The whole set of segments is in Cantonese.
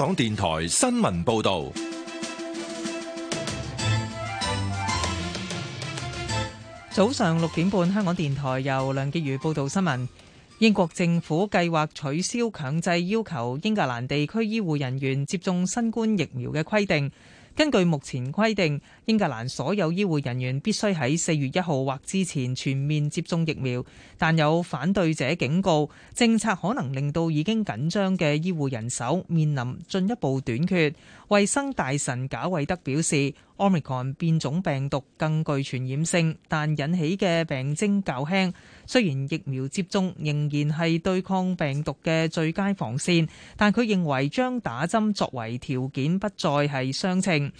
港電台新聞報道，早上六點半，香港電台由梁潔如報道新聞。英國政府計劃取消強制要求英格蘭地區醫護人員接種新冠疫苗嘅規定。根據目前規定，英格蘭所有醫護人員必須喺四月一號或之前全面接種疫苗，但有反對者警告，政策可能令到已經緊張嘅醫護人手面臨進一步短缺。衛生大臣賈偉德表示，Omicron 變種病毒更具傳染性，但引起嘅病徵較輕。雖然疫苗接種仍然係對抗病毒嘅最佳防線，但佢認為將打針作為條件不再係相稱。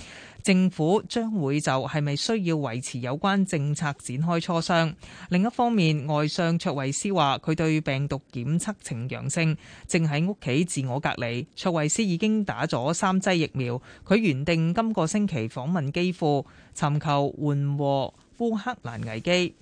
政府將會就係咪需要維持有關政策展開磋商。另一方面，外相卓維斯話：佢對病毒檢測呈陽性，正喺屋企自我隔離。卓維斯已經打咗三劑疫苗，佢原定今個星期訪問基庫，尋求緩和烏克蘭危機。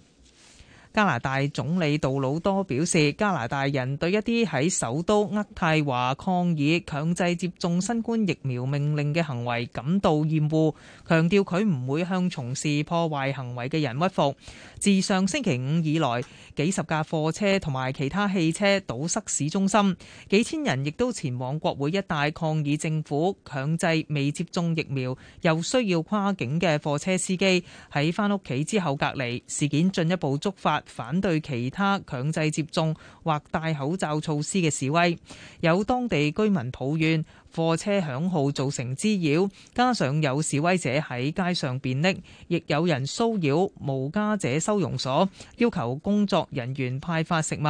加拿大總理杜魯多表示，加拿大人對一啲喺首都渥太華抗議強制接種新冠疫苗命令嘅行為感到厭惡，強調佢唔會向從事破壞行為嘅人屈服。自上星期五以來，幾十架貨車同埋其他汽車堵塞市中心，幾千人亦都前往國會一帶抗議政府強制未接種疫苗又需要跨境嘅貨車司機喺翻屋企之後隔離，事件進一步觸發反對其他強制接種或戴口罩措施嘅示威，有當地居民抱怨貨車響號造成滋擾，加上有示威者喺街上便溺，亦有人騷擾無家者收容所，要求工作人員派發食物。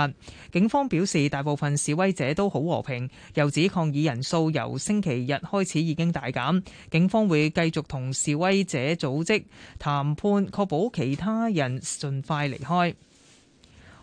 警方表示，大部分示威者都好和平，又指抗議人數由星期日開始已經大減，警方會繼續同示威者組織談判，確保其他人盡快離開。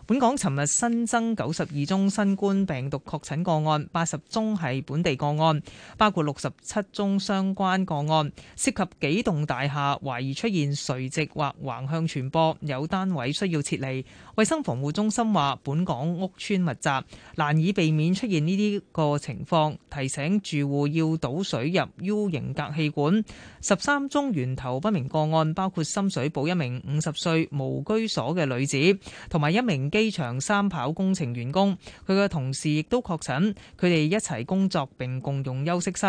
本港尋日新增九十二宗新冠病毒確診個案，八十宗係本地個案，包括六十七宗相關個案，涉及幾棟大廈，懷疑出現垂直或橫向傳播，有單位需要撤離。衛生防護中心話，本港屋邨密集，難以避免出現呢啲個情況，提醒住戶要倒水入 U 型隔氣管。十三宗源頭不明個案，包括深水埗一名五十歲無居所嘅女子，同埋一名機場三跑工程員工，佢嘅同事亦都確診，佢哋一齊工作並共用休息室。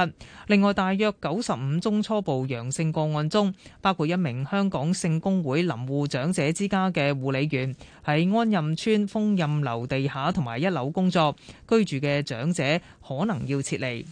另外，大約九十五宗初步陽性個案中，包括一名香港聖公會林護長者之家嘅護理員。喺安蔭村豐蔭樓地下同埋一樓工作居住嘅長者可能要撤離。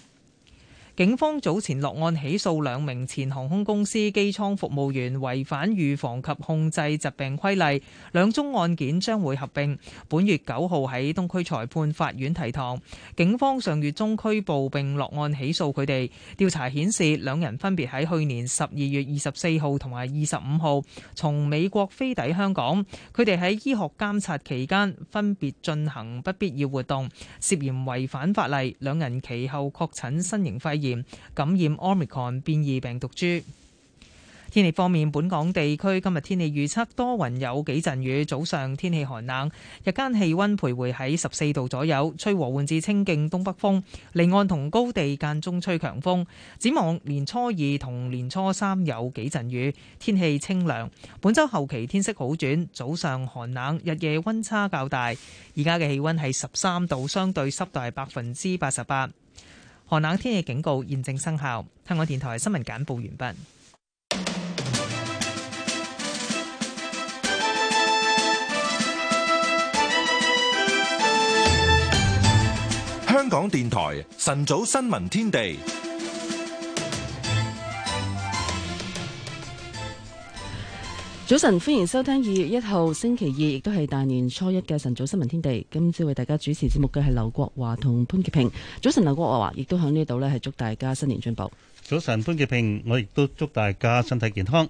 警方早前落案起訴兩名前航空公司機艙服務員違反預防及控制疾病規例，兩宗案件將會合併，本月九號喺東區裁判法院提堂。警方上月中拘捕並落案起訴佢哋。調查顯示，兩人分別喺去年十二月二十四號同埋二十五號從美國飛抵香港。佢哋喺醫學監察期間分別進行不必要活動，涉嫌違反法例。兩人其後確診新型肺炎。感染 Omicron 變異病毒株。天氣方面，本港地區今日天，天氣預測多雲，有幾陣雨。早上天氣寒冷，日間氣温徘徊喺十四度左右，吹和緩至清勁東北風。離岸同高地間中吹強風。展望年初二同年初三有幾陣雨，天氣清涼。本周後期天色好轉，早上寒冷，日夜温差較大。而家嘅氣温係十三度，相對濕度係百分之八十八。寒冷天氣警告現正生效。香港電台新聞簡報完畢。香港電台晨早新聞天地。早晨，歡迎收聽二月一號星期二，亦都係大年初一嘅晨早新聞天地。今朝為大家主持節目嘅係劉國華同潘潔平。早晨，劉國華亦都響呢度，呢係祝大家新年進步。早晨，潘潔平，我亦都祝大家身體健康。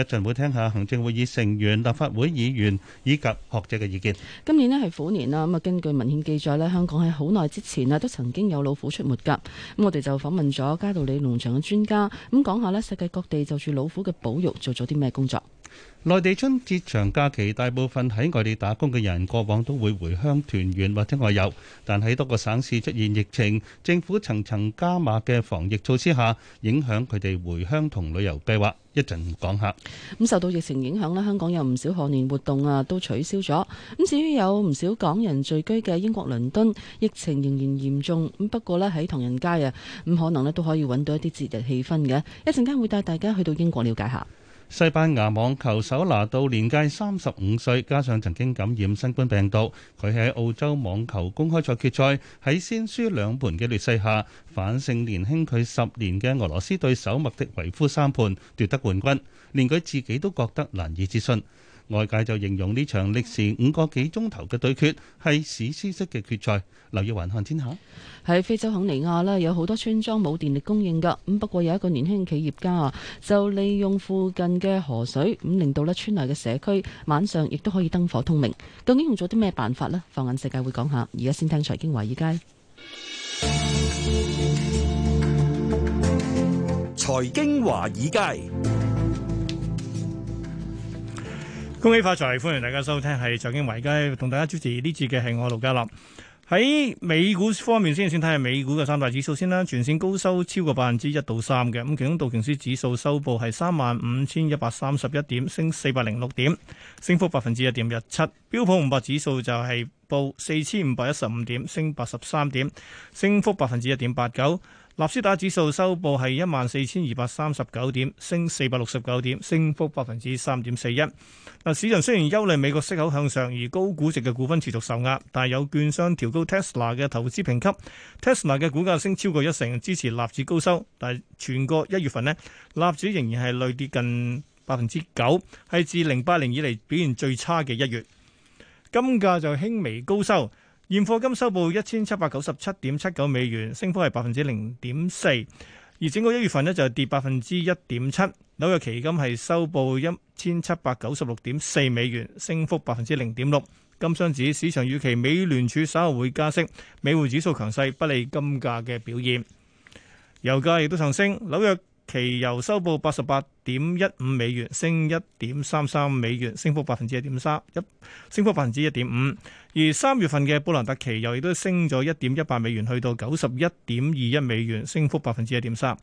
一陣會聽下行政會議成員、立法會議員以及學者嘅意見。今年咧係虎年啦，咁啊根據文獻記載咧，香港喺好耐之前啊都曾經有老虎出沒噶。咁我哋就訪問咗嘉道理農場嘅專家，咁講下咧世界各地就住老虎嘅保育做咗啲咩工作。內地春節長假期，大部分喺外地打工嘅人過往都會回鄉團圓或者外遊，但喺多個省市出現疫情，政府層層加碼嘅防疫措施下，影響佢哋回鄉同旅遊計劃。一陣講下咁，受到疫情影響呢，香港有唔少賀年活動啊都取消咗。咁至於有唔少港人聚居嘅英國倫敦，疫情仍然嚴重咁。不過呢喺唐人街啊，咁可能呢都可以揾到一啲節日氣氛嘅。一陣間會帶大家去到英國了解下。西班牙網球手拿度年屆三十五歲，加上曾經感染新冠病毒，佢喺澳洲網球公開賽決賽喺先輸兩盤嘅劣勢下，反勝年輕佢十年嘅俄羅斯對手麥迪維夫三盤奪得冠軍，連佢自己都覺得難以置信。外界就形容呢場歷時五個幾鐘頭嘅對決係史詩式嘅決賽。留意環看天下，喺非洲肯尼亞呢，有好多村莊冇電力供應噶。咁不過有一個年輕企業家啊，就利用附近嘅河水，咁令到呢村內嘅社區晚上亦都可以燈火通明。究竟用咗啲咩辦法呢？放眼世界會講下。而家先聽財經華爾街。財經華爾街。恭喜發財！歡迎大家收聽，係財經維基同大家主持呢節嘅係我盧家立。喺美股方面先，先睇下美股嘅三大指數先啦。全線高收，超過百分之一到三嘅，咁，其中道瓊斯指數收報係三萬五千一百三十一點，升四百零六點，升幅百分之一點一七。標普五百指數就係報四千五百一十五點，升八十三點，升幅百分之一點八九。納斯達指數收報係一萬四千二百三十九點，升四百六十九點，升幅百分之三點四一。嗱，市場雖然憂慮美國息口向上，而高估值嘅股份持續受壓，但係有券商調高 Tesla 嘅投資評級，Tesla 嘅股價升超過一成，支持納指高收。但係全個一月份呢納指仍然係累跌近百分之九，係自零八年以嚟表現最差嘅一月。金價就輕微高收。現貨金收報一千七百九十七點七九美元，升幅係百分之零點四，而整個一月份呢就跌百分之一點七。紐約期金係收報一千七百九十六點四美元，升幅百分之零點六。金商指市場預期美聯儲稍後會加息，美匯指數強勢不利金價嘅表現。油價亦都上升，紐約。期油收報八十八點一五美元，升一點三三美元，升幅百分之一點三一，升幅百分之一點五。而三月份嘅布蘭特期油亦都升咗一點一八美元，去到九十一點二一美元，升幅百分之一點三。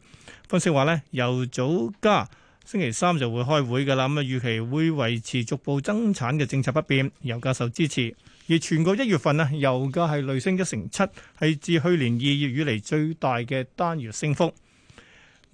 分析話咧，油早加星期三就會開會噶啦，咁啊預期會維持逐步增產嘅政策不變，油價受支持。而全個一月份啊，油價係累升一成七，係自去年二月以嚟最大嘅單月升幅。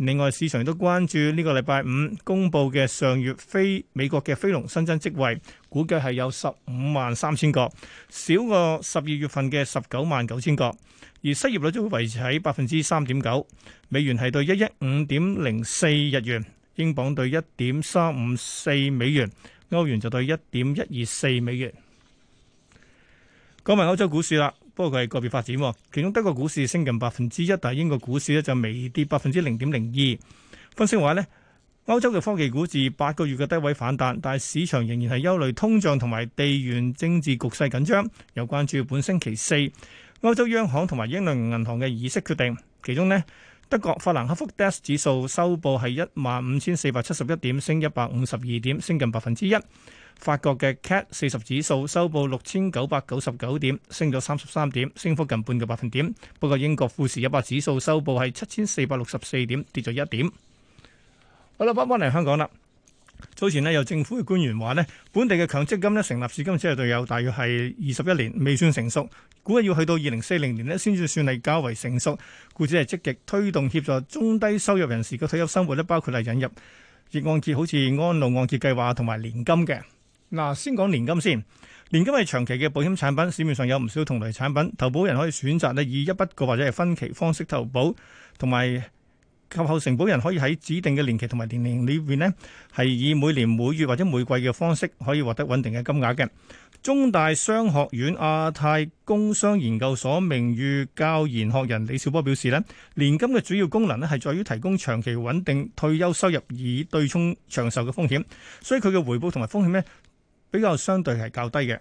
另外，市場亦都關注呢個禮拜五公佈嘅上月非美國嘅非農新增職位，估計係有十五萬三千個，少過十二月份嘅十九萬九千個。而失業率都會維持喺百分之三點九。美元係對一一五點零四日元，英鎊對一點三五四美元，歐元就對一點一二四美元。講埋歐洲股市啦。不過佢係個別發展，其中德國股市升近百分之一，但英國股市咧就微跌百分之零點零二。分析話呢，歐洲嘅科技股自八個月嘅低位反彈，但係市場仍然係憂慮通脹同埋地緣政治局勢緊張，有關注本星期四歐洲央行同埋英倫銀行嘅議息決定。其中呢，德國法蘭克福 DAX 指數收報係一萬五千四百七十一點，升一百五十二點，升近百分之一。法國嘅 CAC 四十指數收報六千九百九十九點，升咗三十三點，升幅近半個百分點。不過，英國富時一百指數收報係七千四百六十四點，跌咗一點。好啦，翻返嚟香港啦。早前呢，有政府嘅官員話呢，本地嘅強積金咧成立至今日只係有大約係二十一年，未算成熟，估計要去到二零四零年咧先至算係較為成熟。故此係積極推動協助中低收入人士嘅退休生活咧，包括係引入按揭，好似安老按揭計劃同埋年金嘅。嗱，先講年金先。年金係長期嘅保險產品，市面上有唔少同類產品，投保人可以選擇咧以一筆過或者係分期方式投保，同埋及，及後承保人可以喺指定嘅年期同埋年齡裏邊呢，係以每年每月或者每季嘅方式可以獲得穩定嘅金額嘅。中大商學院亞太工商研究所名譽教研學人李少波表示呢，年金嘅主要功能咧係在於提供長期穩定退休收入，以對沖長壽嘅風險，所以佢嘅回報同埋風險呢。比較相對係較低嘅。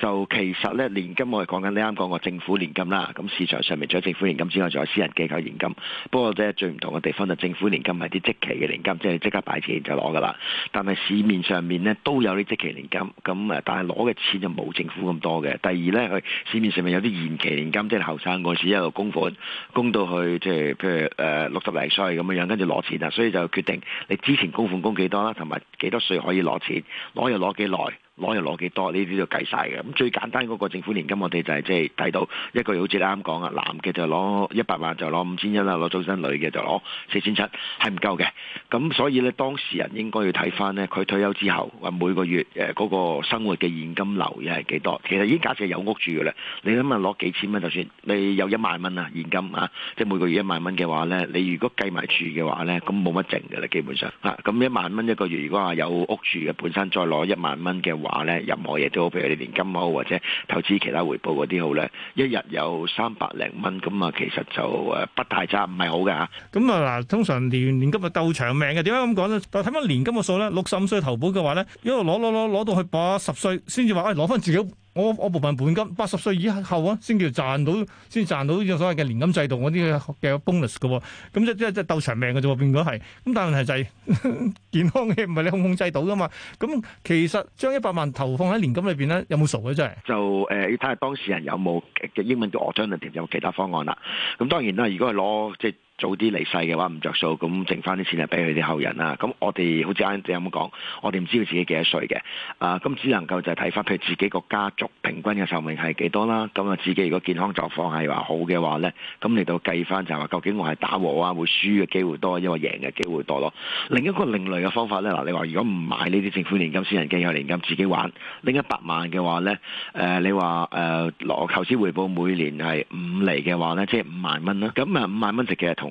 就其實咧，年金我哋講緊你啱講過政府年金啦。咁市場上面除咗政府年金之外，仲有私人機構年金。不過即係最唔同嘅地方就政府年金係啲即期嘅年金，即係即刻擺錢就攞㗎啦。但係市面上面呢，都有啲即期年金，咁誒，但係攞嘅錢就冇政府咁多嘅。第二呢，佢市面上面有啲延期年金，即係後生嗰時一路供款，供到去即係譬如誒六十嚟歲咁嘅樣，跟住攞錢啊。所以就決定你之前供款供幾多啦，同埋幾多歲可以攞錢，攞又攞幾耐。攞又攞幾多呢？啲都計晒嘅。咁最簡單嗰、嗰個政府年金我、就係，我哋就係即係睇到一個月，好似你啱講啊，男嘅就攞一百萬，就攞五千一啦，攞咗身女嘅就攞四千七，係唔夠嘅。咁所以呢，當事人應該要睇翻呢，佢退休之後話每個月誒嗰、嗰個生活嘅現金流又係幾多？其實已經假設有屋住嘅啦。你諗下攞幾千蚊就算，你有一萬蚊啊現金啊，即係每個月一萬蚊嘅話呢，你如果計埋住嘅話呢，咁冇乜剩嘅啦，基本上吓。咁一萬蚊一個月，如果話有屋住嘅本身再攞一萬蚊嘅話，話咧，任何嘢都好，譬如你年金好或者投資其他回報嗰啲好咧，一日有三百零蚊，咁啊，其實就誒不太差，唔係好㗎。咁啊嗱，通常年年金啊鬥長命嘅，點解咁講咧？但睇翻年金嘅數咧，六十五歲投保嘅話咧，一路攞攞攞攞到去八十歲，先至話啊攞翻自己。我我部分本金八十歲以後啊，先叫賺到，先賺到呢種所謂嘅年金制度嗰啲嘅 bonus 嘅，哦，咁即即即鬥長命嘅啫喎，變咗係，咁但係問題就係 健康嘅唔係你控控制到噶嘛，咁其實將一百萬投放喺年金裏邊咧，有冇數嘅真係？就誒、呃，要睇下當事人有冇嘅英文叫 alternative 有冇其他方案啦，啊。咁當然啦，如果係攞即。早啲離世嘅話唔着數，咁剩翻啲錢係俾佢哋後人啦。咁我哋好似啱啱有冇講，我哋唔知道自己幾多歲嘅，啊咁只能夠就係睇翻，譬如自己個家族平均嘅壽命係幾多啦。咁啊，自己如果健康狀況係話好嘅話呢，咁嚟到計翻就係話，究竟我係打和啊會輸嘅機會多，抑或贏嘅機會多咯？另一個另類嘅方法呢，嗱你話如果唔買呢啲政府年金，年金、私人嘅有年金自己玩，拎一百萬嘅話呢，誒、啊、你話誒攞投資回報每年係五厘嘅話呢，即、就、係、是、五萬蚊啦。咁啊五萬蚊值嘅同。誒、嗯嗯、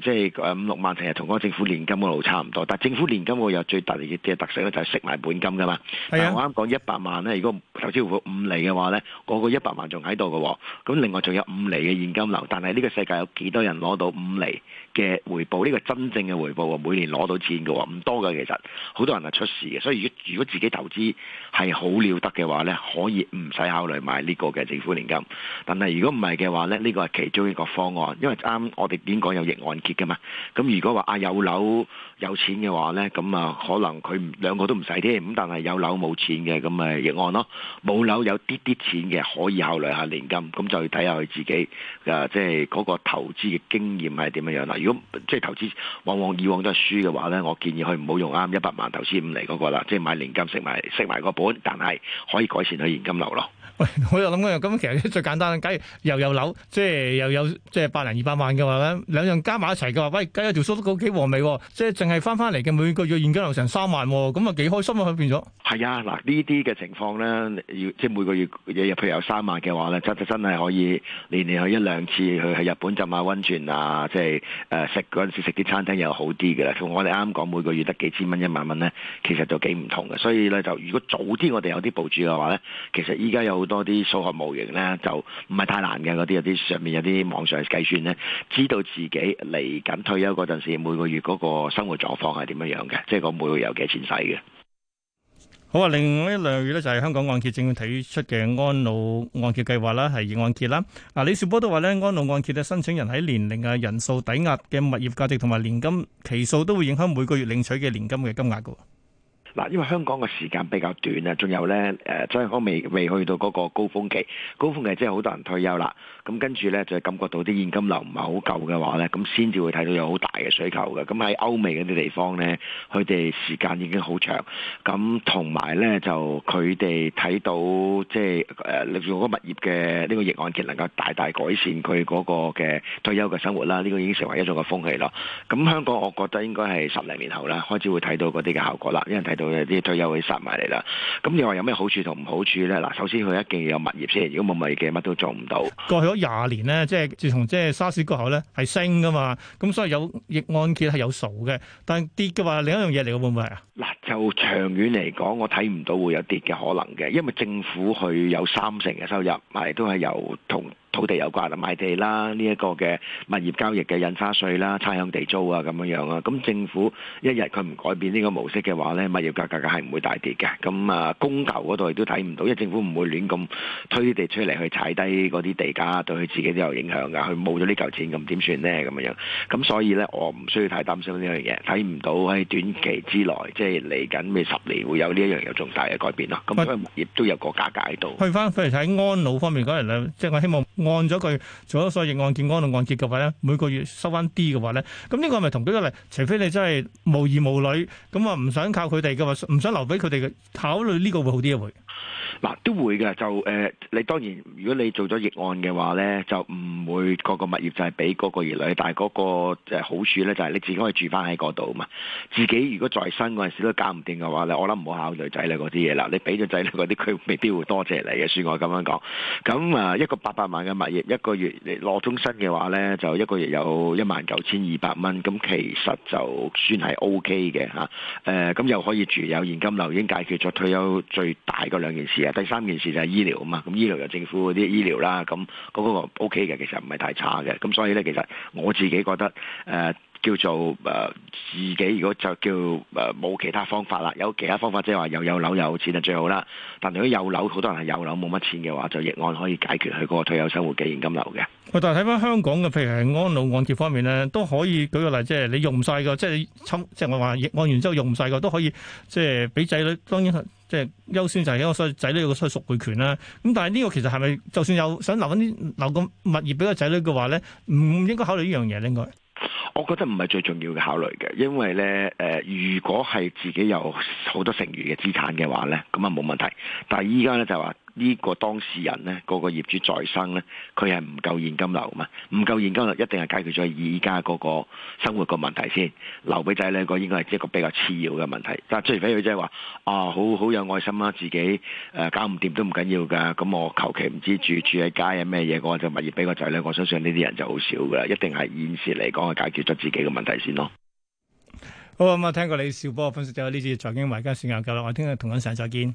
即係五、嗯、六萬，成日同嗰個政府年金個路差唔多，但係政府年金我有最大嘅特色咧，就係食埋本金噶嘛。的我啱講一百萬咧，如果投資五厘嘅話咧，嗰、嗰個一百萬仲喺度嘅喎，咁另外仲有五厘嘅現金流，但係呢個世界有幾多人攞到五厘？嘅，回報呢個真正嘅回報喎，每年攞到錢嘅喎，唔多嘅其實，好多人係出事嘅，所以如果自己投資係好了得嘅話呢，可以唔使考慮買呢個嘅政府年金，但係如果唔係嘅話咧，呢個係其中一個方案，因為啱我哋點講有逆按揭嘅嘛，咁如果話啊有樓。有錢嘅話呢，咁啊可能佢兩個都唔使添。咁但係有樓冇錢嘅，咁咪逆按咯。冇樓有啲啲錢嘅，可以考慮下年金，咁就要睇下佢自己，即係嗰個投資嘅經驗係點樣樣啦。如果即係、就是、投資往往以往都係輸嘅話呢，我建議佢唔好用啱一百萬投資五厘嗰個啦，即、就、係、是、買年金食埋食埋個本，但係可以改善佢現金流咯。喂，我又諗緊樣，咁其實最簡單，假如又有樓，即係又有即係百零二百萬嘅話咧，兩樣加埋一齊嘅話，喂，計下條數都好幾和味，即係淨係翻翻嚟嘅，每個月現金流成三萬，咁啊幾開心啊佢變咗。係啊，嗱呢啲嘅情況咧，要即係每個月日日譬如有三萬嘅話咧，真真真係可以連年年去一兩次去日本浸下温泉啊，即係誒、呃、食嗰陣時食啲餐廳又好啲嘅啦。同我哋啱講每個月得幾千蚊一萬蚊咧，其實就幾唔同嘅。所以咧就如果早啲我哋有啲部署嘅話咧，其實依家有。多啲數學模型咧，就唔係太難嘅嗰啲，有啲上面有啲網上計算咧，知道自己嚟緊退休嗰陣時，每個月嗰個生活狀況係點樣樣嘅，即係講每個月有幾錢使嘅。好啊，另外一兩月咧就係香港按揭政府提出嘅安老按揭計劃啦，係按揭啦。嗱，李兆波都話咧，安老按揭嘅申請人喺年齡啊、人數、抵押嘅物業價值同埋年金期數都會影響每個月領取嘅年金嘅金額嘅。嗱，因為香港嘅時間比較短啊，仲有咧，誒，香港未未去到嗰個高峰期，高峰期即係好多人退休啦。咁跟住咧，就感覺到啲現金流唔係好夠嘅話咧，咁先至會睇到有好大嘅需求嘅。咁喺歐美嗰啲地方咧，佢哋時間已經好長，咁同埋咧就佢哋睇到即係誒利用嗰個物業嘅呢個逆按揭，能夠大大改善佢嗰個嘅退休嘅生活啦。呢個已經成為一種嘅風氣咯。咁香港我覺得應該係十零年後啦，開始會睇到嗰啲嘅效果啦，因為睇到有啲退休會殺埋嚟啦。咁你話有咩好處同唔好處咧？嗱，首先佢一定要有物業先，如果冇物業嘅，乜都做唔到。廿年咧，即係自從即係沙士過後咧，係升噶嘛，咁所以有逆按揭係有數嘅，但係跌嘅話，另一樣嘢嚟嘅會唔會係啊？嗱，就長遠嚟講，我睇唔到會有跌嘅可能嘅，因為政府佢有三成嘅收入係都係由同。土地有關啦，賣地啦，呢一個嘅物業交易嘅印花稅啦，差餉地租啊，咁樣樣啊。咁政府一日佢唔改變呢個模式嘅話咧，物業價格嘅係唔會大跌嘅。咁啊，供求嗰度亦都睇唔到，因為政府唔會亂咁推啲地出嚟去踩低嗰啲地價，對佢自己都有影響㗎。佢冇咗呢嚿錢咁點算咧？咁樣樣。咁所以咧，我唔需要太擔心呢樣嘢，睇唔到喺短期之內，即係嚟緊未十年會有呢一樣有重大嘅改變咯。咁佢物業都有個價格喺度。去翻譬如睇安老方面嗰人咧，即係我希望。按咗佢做咗所有案件安頓完結嘅話咧，每個月收翻啲嘅話咧，咁呢個係咪同幾多例？除非你真係無兒無女，咁話唔想靠佢哋嘅話，唔想留俾佢哋嘅，考慮呢個會好啲會。嗱，都會嘅就誒、呃，你當然如果你做咗逆按嘅話咧，就唔會個個物業就係俾嗰個兒女，但係嗰、那個、呃、好處咧就係、是、你自己可以住返喺嗰度啊嘛。自己如果在生嗰陣時都搞唔掂嘅話咧，我諗唔好考慮仔女嗰啲嘢啦。你俾咗仔女嗰啲，佢未必會多謝你嘅。算我咁樣講，咁啊、呃、一個八百萬嘅物業，一個月你攞終身嘅話咧，就一個月有一萬九千二百蚊。咁其實就算係 O K 嘅嚇，誒、啊、咁、呃、又可以住有，有現金流已經解決咗退休最大嗰兩件事啊！第三件事就係醫療啊嘛，咁醫療由政府啲醫療啦，咁嗰個 O K 嘅，其實唔係太差嘅。咁所以咧，其實我自己覺得誒、呃、叫做誒、呃、自己，如果就叫誒冇、呃、其他方法啦，有其他方法即係話又有樓有錢就最好啦。但如果有樓，好多人係有樓冇乜錢嘅話，就逆按可以解決佢嗰個退休生活嘅現金流嘅。喂，但係睇翻香港嘅，譬如係安老按揭方面咧，都可以舉個例，即係你用唔曬個，即係即係我話逆按完之後用唔曬個都可以，即係俾仔女當然即係優先就係一個仔女有個所屬權啦，咁但係呢個其實係咪就算有想留緊啲留個物業俾個仔女嘅話咧，唔應該考慮呢樣嘢應該？我覺得唔係最重要嘅考慮嘅，因為咧誒、呃，如果係自己有好多剩餘嘅資產嘅話咧，咁啊冇問題。但係依家咧就話。呢個當事人呢，個個業主在生呢，佢係唔夠現金流嘛。唔夠現金流一定係解決咗而家個個生活個問題先，留俾仔呢個應該係一個比較次要嘅問題。但係除非佢即係話：啊，好好有愛心啦，自己誒、呃、搞唔掂都唔緊要㗎。咁、嗯、我求其唔知住住喺街啊咩嘢，我就物業俾個仔呢，我相信呢啲人就好少㗎喇，一定係現時嚟講係解決咗自己嘅問題先咯。好，咁啊，聽過李少波分析就呢次財經圍家選又夠啦，我聽日同君上再見。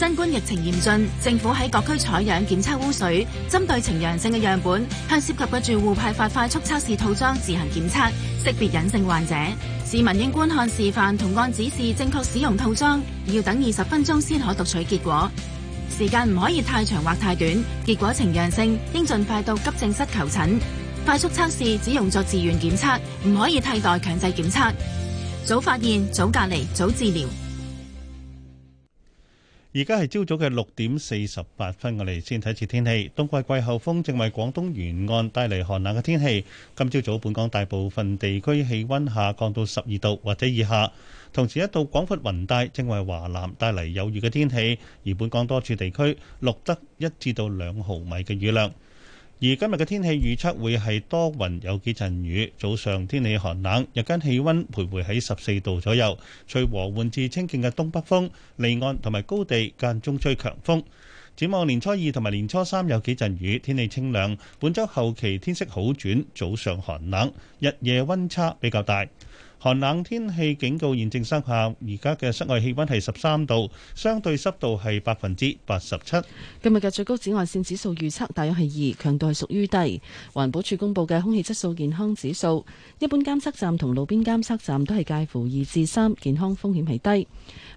新冠疫情嚴峻，政府喺各區採樣檢測污水，針對呈陽性嘅樣本，向涉及嘅住戶派發快速測試套裝自行檢測，識別隱性患者。市民應觀看示範同按指示正確使用套裝，要等二十分鐘先可讀取結果。時間唔可以太長或太短，結果呈陽性應盡快到急症室求診。快速測試只用作自願檢測，唔可以替代強制檢測。早發現，早隔離，早治療。而家係朝早嘅六點四十八分，我哋先睇次天氣。冬季季候風正為廣東沿岸帶嚟寒冷嘅天氣。今朝早本港大部分地區氣溫下降到十二度或者以下，同時一道廣闊雲帶正為華南帶嚟有雨嘅天氣，而本港多處地區錄得一至到兩毫米嘅雨量。而今日嘅天氣預測會係多雲有幾陣雨，早上天氣寒冷，日間氣温徘徊喺十四度左右，吹和緩至清勁嘅東北風，離岸同埋高地間中吹強風。展望年初二同埋年初三有幾陣雨，天氣清涼。本週後期天色好轉，早上寒冷，日夜温差比較大。寒冷天氣警告現正生效，而家嘅室外氣温係十三度，相對濕度係百分之八十七。今日嘅最高紫外線指數預測大約係二，強度係屬於低。環保署公布嘅空氣質素健康指數，一般監測站同路邊監測站都係介乎二至三，健康風險係低。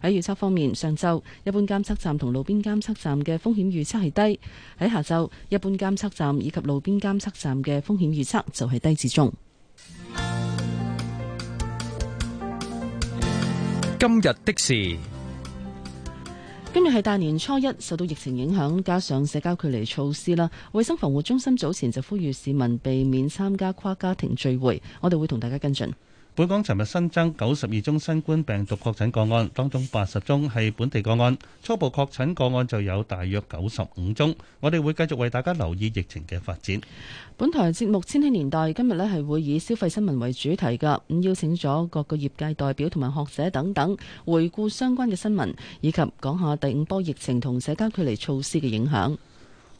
喺預測方面，上晝一般監測站同路邊監測站嘅風險預測係低；喺下晝，一般監測站以及路邊監測站嘅風險預測就係低至中。今日的事，今日係大年初一，受到疫情影響，加上社交距離措施啦。衛生防護中心早前就呼籲市民避免參加跨家庭聚會，我哋會同大家跟進。本港尋日新增九十二宗新冠病毒確診個案，當中八十宗係本地個案，初步確診個案就有大約九十五宗。我哋會繼續為大家留意疫情嘅發展。本台節目《千禧年代》今日呢係會以消費新聞為主題㗎，咁邀請咗各個業界代表同埋學者等等，回顧相關嘅新聞，以及講下第五波疫情同社交距離措施嘅影響。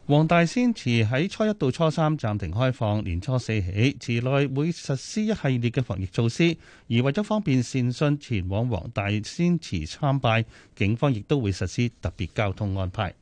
黃大仙祠喺初一到初三暫停開放，年初四起祠內會實施一系列嘅防疫措施，而為咗方便善信前往黃大仙祠參拜，警方亦都會實施特別交通安排。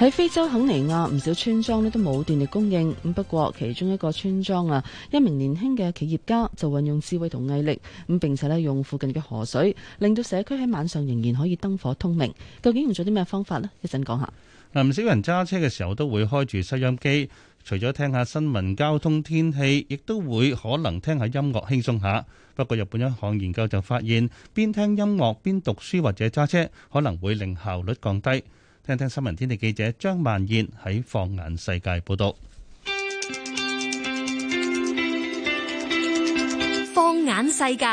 喺非洲肯尼亞唔少村莊呢都冇電力供應，咁不過其中一個村莊啊，一名年輕嘅企業家就運用智慧同毅力，咁並且呢用附近嘅河水，令到社區喺晚上仍然可以燈火通明。究竟用咗啲咩方法呢？一陣講下。嗱，唔少人揸車嘅時候都會開住收音機，除咗聽下新聞、交通、天氣，亦都會可能聽下音樂輕鬆下。不過，日本有一項研究就發現，邊聽音樂、邊讀書或者揸車，可能會令效率降低。聽聽新聞天地記者張萬燕喺放眼世界報道。放眼世界，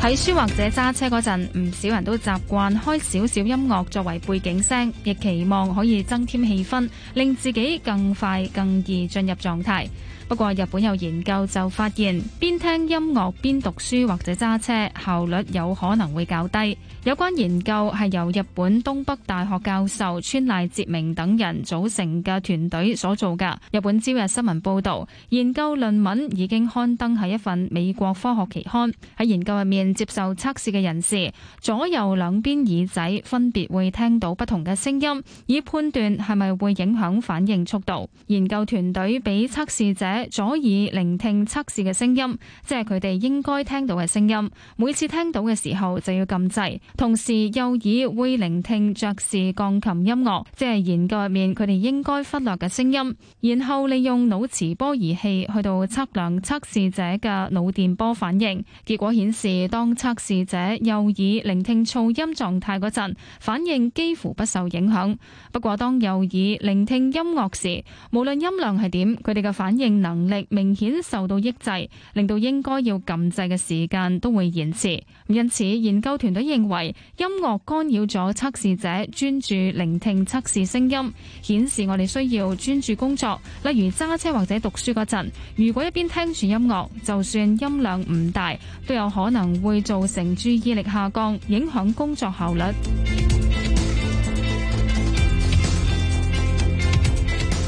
睇書或者揸車嗰陣，唔少人都習慣開少少音樂作為背景聲，亦期望可以增添氣氛，令自己更快、更易進入狀態。不過，日本有研究就發現，邊聽音樂邊讀書或者揸車效率有可能會較低。有關研究係由日本東北大學教授川賴哲明等人組成嘅團隊所做嘅。日本朝日新聞報導，研究論文已經刊登喺一份美國科學期刊。喺研究入面，接受測試嘅人士左右兩邊耳仔分別會聽到不同嘅聲音，以判斷係咪會影響反應速度。研究團隊俾測試者左耳聆聽測試嘅聲音，即係佢哋應該聽到嘅聲音。每次聽到嘅時候就要撳掣，同時右耳會聆聽爵士鋼琴音樂，即係研究入面佢哋應該忽略嘅聲音。然後利用腦磁波儀器去到測量測試者嘅腦電波反應。結果顯示，當測試者右耳聆聽噪音狀態嗰陣，反應幾乎不受影響。不過，當右耳聆聽音樂時，無論音量係點，佢哋嘅反應能力明顯受到抑制，令到應該要按掣嘅時間都會延遲。因此，研究團隊認為音樂干擾咗測試者專注聆聽測試聲音，顯示我哋需要專注工作，例如揸車或者讀書嗰陣。如果一邊聽住音樂，就算音量唔大，都有可能會造成注意力下降，影響工作效率。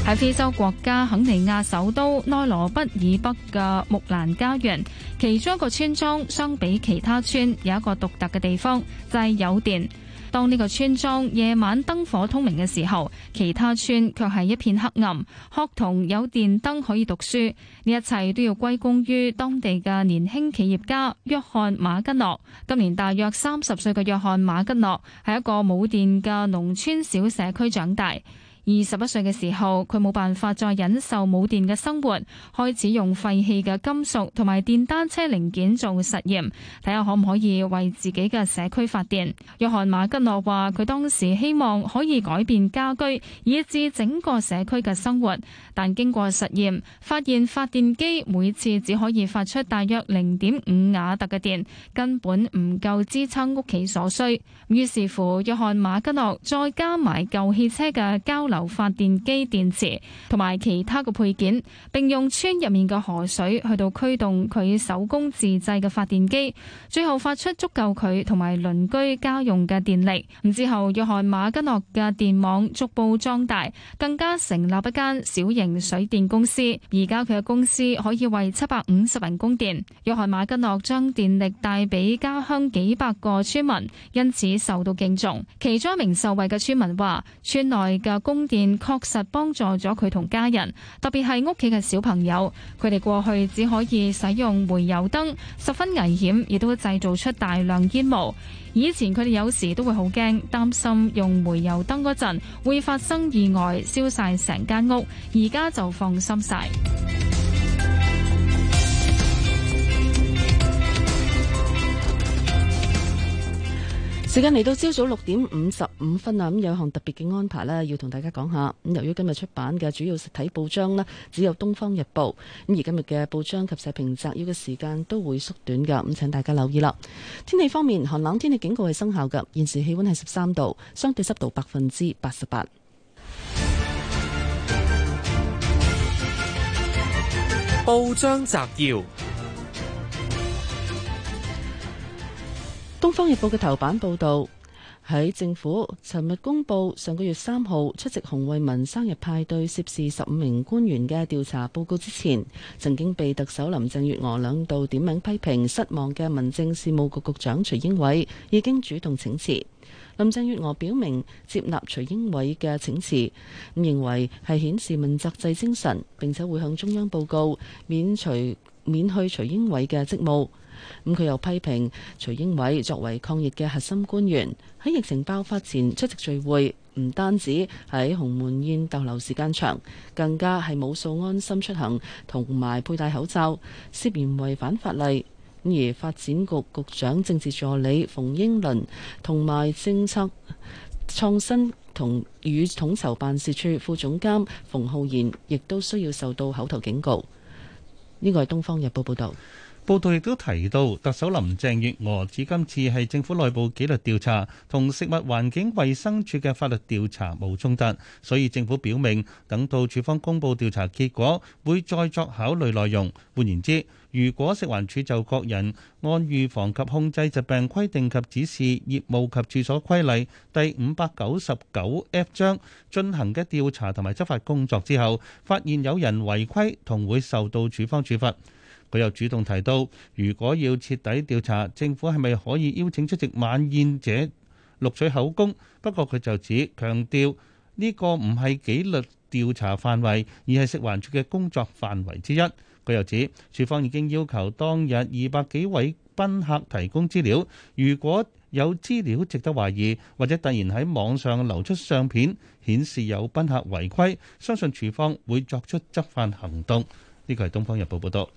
喺非洲國家肯尼亞首都內羅畢以北嘅木蘭家園，其中一個村莊相比其他村有一個獨特嘅地方，就係有電。當呢個村莊夜晚燈火通明嘅時候，其他村卻係一片黑暗。學童有電燈可以讀書，呢一切都要歸功於當地嘅年輕企業家約翰馬吉諾。今年大約三十歲嘅約翰馬吉諾，喺一個冇電嘅農村小社區長大。二十一歲嘅時候，佢冇辦法再忍受冇電嘅生活，開始用廢棄嘅金屬同埋電單車零件做實驗，睇下可唔可以為自己嘅社區發電。約翰馬吉諾話：佢當時希望可以改變家居，以至整個社區嘅生活。但經過實驗，發現發電機每次只可以發出大約零點五瓦特嘅電，根本唔夠支撐屋企所需。於是乎，約翰馬吉諾再加埋舊汽車嘅交流。由發電機、電池同埋其他嘅配件，並用村入面嘅河水去到驅動佢手工自製嘅發電機，最後發出足夠佢同埋鄰居家用嘅電力。咁之後，約翰馬吉諾嘅電網逐步壯大，更加成立一間小型水電公司。而家佢嘅公司可以為七百五十人供電。約翰馬吉諾將電力帶俾家鄉幾百個村民，因此受到敬重。其中一名受惠嘅村民話：村內嘅工電確實幫助咗佢同家人，特別係屋企嘅小朋友。佢哋過去只可以使用煤油燈，十分危險，亦都製造出大量煙霧。以前佢哋有時都會好驚，擔心用煤油燈嗰陣會發生意外，燒晒成間屋。而家就放心晒。時間嚟到朝早六點五十五分啦，咁有一項特別嘅安排呢，要同大家講下。咁由於今日出版嘅主要實體報章呢，只有《東方日報》，咁而今日嘅報章及社評摘要嘅時間都會縮短噶，咁請大家留意啦。天氣方面，寒冷天氣警告係生效嘅，現時氣溫係十三度，相對濕度百分之八十八。報章摘要。《東方日報》嘅頭版報導，喺政府尋日公布上個月三號出席洪為民生日派對涉事十五名官員嘅調查報告之前，曾經被特首林鄭月娥兩度點名批評失望嘅民政事務局局長徐英偉已經主動請辭。林鄭月娥表明接納徐英偉嘅請辭，咁認為係顯示問責制精神，並且會向中央報告免除免去徐英偉嘅職務。咁佢、嗯、又批評徐英偉作為抗疫嘅核心官員，喺疫情爆發前出席聚會，唔單止喺鴻門宴逗留時間長，更加係冇數安心出行同埋佩戴口罩，涉嫌違反法例。而發展局局長政治助理馮英倫同埋政策創新同與，與統籌辦事處副總監馮浩然，亦都需要受到口頭警告。呢個係《東方日報，報道》報導。報道亦都提到，特首林鄭月娥指今次係政府內部紀律調查，同食物環境衞生署嘅法律調查無衝突，所以政府表明等到署方公佈調查結果，會再作考慮內容。換言之，如果食環署就各人按預防及控制疾病規定及指示業務及處所規例第五百九十九 F 章進行嘅調查同埋執法工作之後，發現有人違規，同會受到署方處罰。佢又主動提到，如果要徹底調查，政府係咪可以邀請出席晚宴者錄取口供？不過佢就指強調呢個唔係紀律調查範圍，而係食環署嘅工作範圍之一。佢又指署方已經要求當日二百幾位賓客提供資料，如果有資料值得懷疑，或者突然喺網上流出相片顯示有賓客違規，相信署方會作出執法行動。呢個係《東方日報》報道。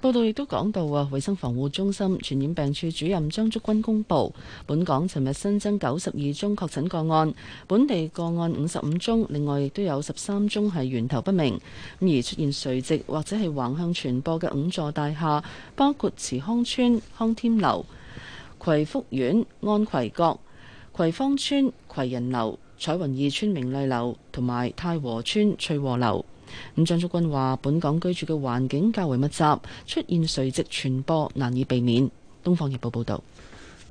報道亦都講到啊，衛生防護中心傳染病處主任張竹君公布，本港尋日新增九十二宗確診個案，本地個案五十五宗，另外亦都有十三宗係源頭不明。咁而出現垂直或者係橫向傳播嘅五座大廈，包括慈康村康添樓、葵福苑安葵閣、葵芳村葵仁樓、彩雲二村明麗樓同埋太和村翠和樓。嗯、張竹君話：，本港居住嘅環境較為密集，出現垂直傳播難以避免。東方日報報道，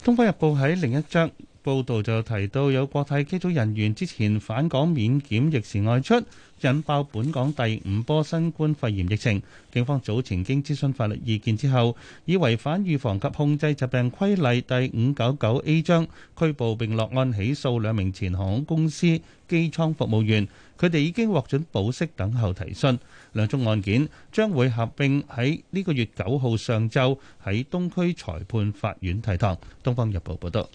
東方日報喺另一張報道就提到，有國泰機組人員之前返港免檢疫時外出，引爆本港第五波新冠肺炎疫情。警方早前經諮詢法律意見之後，以違反預防及控制疾病規例第五九九 A 章，拘捕並落案起訴兩名前航空公司機艙服務員。佢哋已經獲准保釋等候提訊，兩宗案件將會合併喺呢個月九號上晝喺東區裁判法院提堂。《東方日報》報道。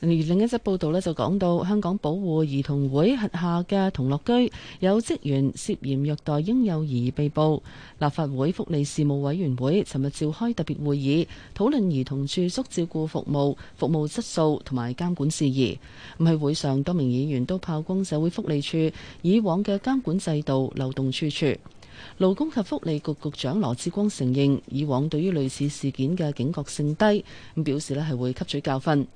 而另一則報道咧就講到香港保護兒童會轄下嘅童樂居有職員涉嫌虐待嬰幼兒被捕。立法會福利事務委員會尋日召開特別會議，討論兒童住宿照顧服務服務質素同埋監管事宜。咁喺會上多名議員都炮轟社會福利處以往嘅監管制度漏洞處處。勞工及福利局局長羅致光承認，以往對於類似事件嘅警覺性低，咁表示呢係會吸取教訓。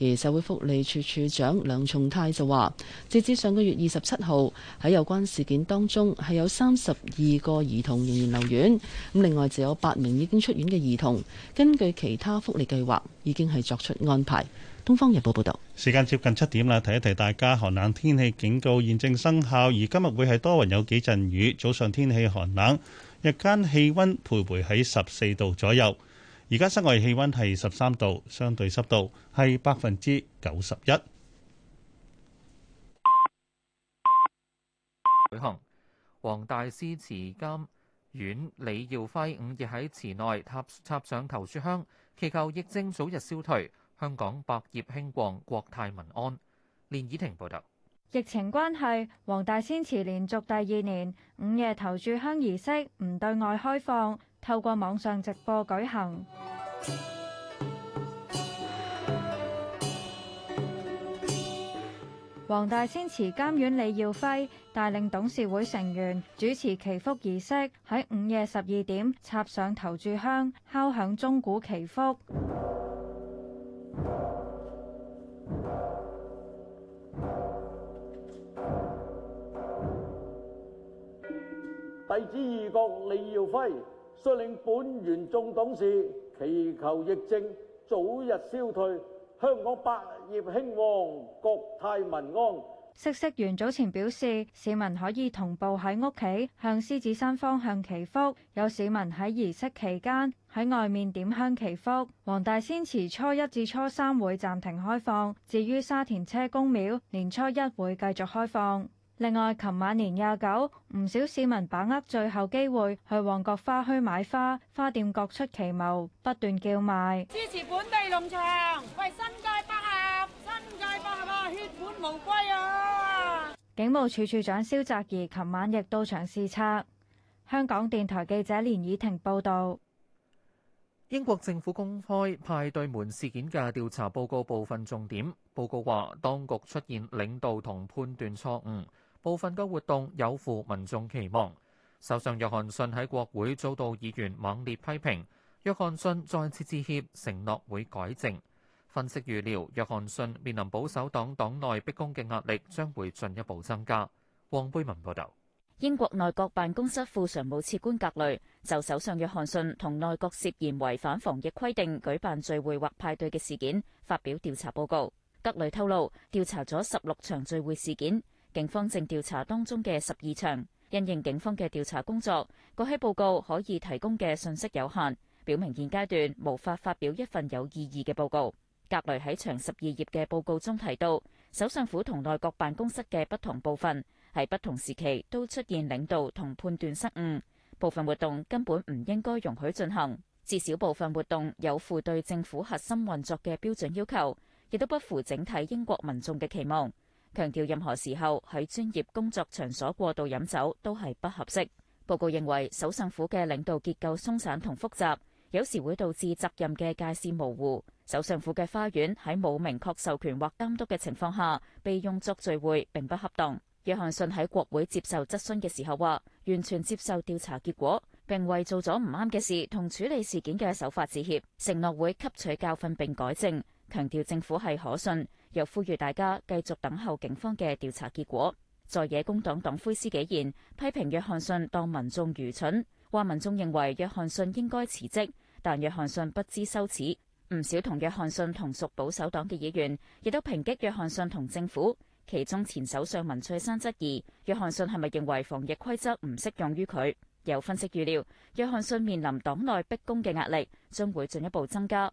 而社會福利處處長梁松泰就話，截至上個月二十七號喺有關事件當中，係有三十二個兒童仍然留院，咁另外就有八名已經出院嘅兒童，根據其他福利計劃已經係作出安排。東方日報報道，時間接近七點啦，提一提大家寒冷天氣警告，現正生效，而今日會係多雲有幾陣雨。早上天氣寒冷，日間氣溫徘徊喺十四度左右。而家室外氣溫係十三度，相對濕度係百分之九十一。舉行，黃大仙祠監院李耀輝午夜喺祠內插插上頭炷香，祈求疫症早日消退。香港百業興旺，國泰民安。連綺婷報道，疫情關係，黃大仙祠連續第二年午夜頭炷香儀式唔對外開放，透過網上直播舉行。 黃大仙祠監院李耀輝帶領董事會成員主持祈福儀式，喺午夜十二點插上頭炷香，敲響鐘鼓祈福。弟子二國李耀輝率領本園眾董事祈求疫症早日消退，香港百業興旺，國泰民安。嗇色園早前表示，市民可以同步喺屋企向獅子山方向祈福。有市民喺儀式期間喺外面點香祈福。黃大仙祠初一至初三會暫停開放，至於沙田車公廟年初一會繼續開放。另外，琴晚年廿九，唔少市民把握最後機會去旺角花墟買花，花店各出奇謀，不斷叫賣。支持本地農場為新界北啊！新界北啊！血本無歸啊！警務處處長蕭澤頤琴晚亦到場視察。香港電台記者連以婷報道。英國政府公開派對門事件嘅調查報告部分重點報告話當局出現領導同判斷錯誤。部分嘅活動有負民眾期望，首相約翰遜喺國會遭到議員猛烈批評。約翰遜再次致歉，承諾會改正。分析預料，約翰遜面臨保守黨黨內逼宮嘅壓力，將會進一步增加。黃貝文報道，英國內閣辦公室副常務次官格雷就首相約翰遜同內閣涉嫌違反防疫規定舉辦聚會或派對嘅事件發表調查報告。格雷透露，調查咗十六場聚會事件。警方正調查當中嘅十二場，因應警方嘅調查工作，嗰批報告可以提供嘅信息有限，表明現階段無法發表一份有意義嘅報告。格雷喺長十二頁嘅報告中提到，首相府同內閣辦公室嘅不同部分喺不同時期都出現領導同判斷失誤，部分活動根本唔應該容許進行，至少部分活動有負對政府核心運作嘅標準要求，亦都不符整體英國民眾嘅期望。強調任何時候喺專業工作場所過度飲酒都係不合適。報告認為，首相府嘅領導結構鬆散同複雜，有時會導致責任嘅界線模糊。首相府嘅花園喺冇明確授權或監督嘅情況下被用作聚會，並不恰當。約翰遜喺國會接受質詢嘅時候話，完全接受調查結果，並為做咗唔啱嘅事同處理事件嘅手法致歉，承諾會吸取教訓並改正。強調政府係可信，又呼籲大家繼續等候警方嘅調查結果。在野工黨黨魁施紀賢批評約翰遜當民眾愚蠢，話民眾認為約翰遜應該辭職，但約翰遜不知羞恥。唔少同約翰遜同屬保守黨嘅議員亦都抨擊約翰遜同政府，其中前首相文翠珊質疑約翰遜係咪認為防疫規則唔適用於佢。有分析預料，約翰遜面臨黨內逼宮嘅壓力將會進一步增加。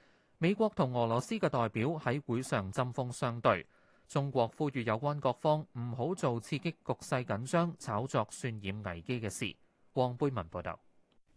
美國同俄羅斯嘅代表喺會上針鋒相對，中國呼籲有關各方唔好做刺激局勢緊張、炒作渲染危機嘅事。黃貝文報道。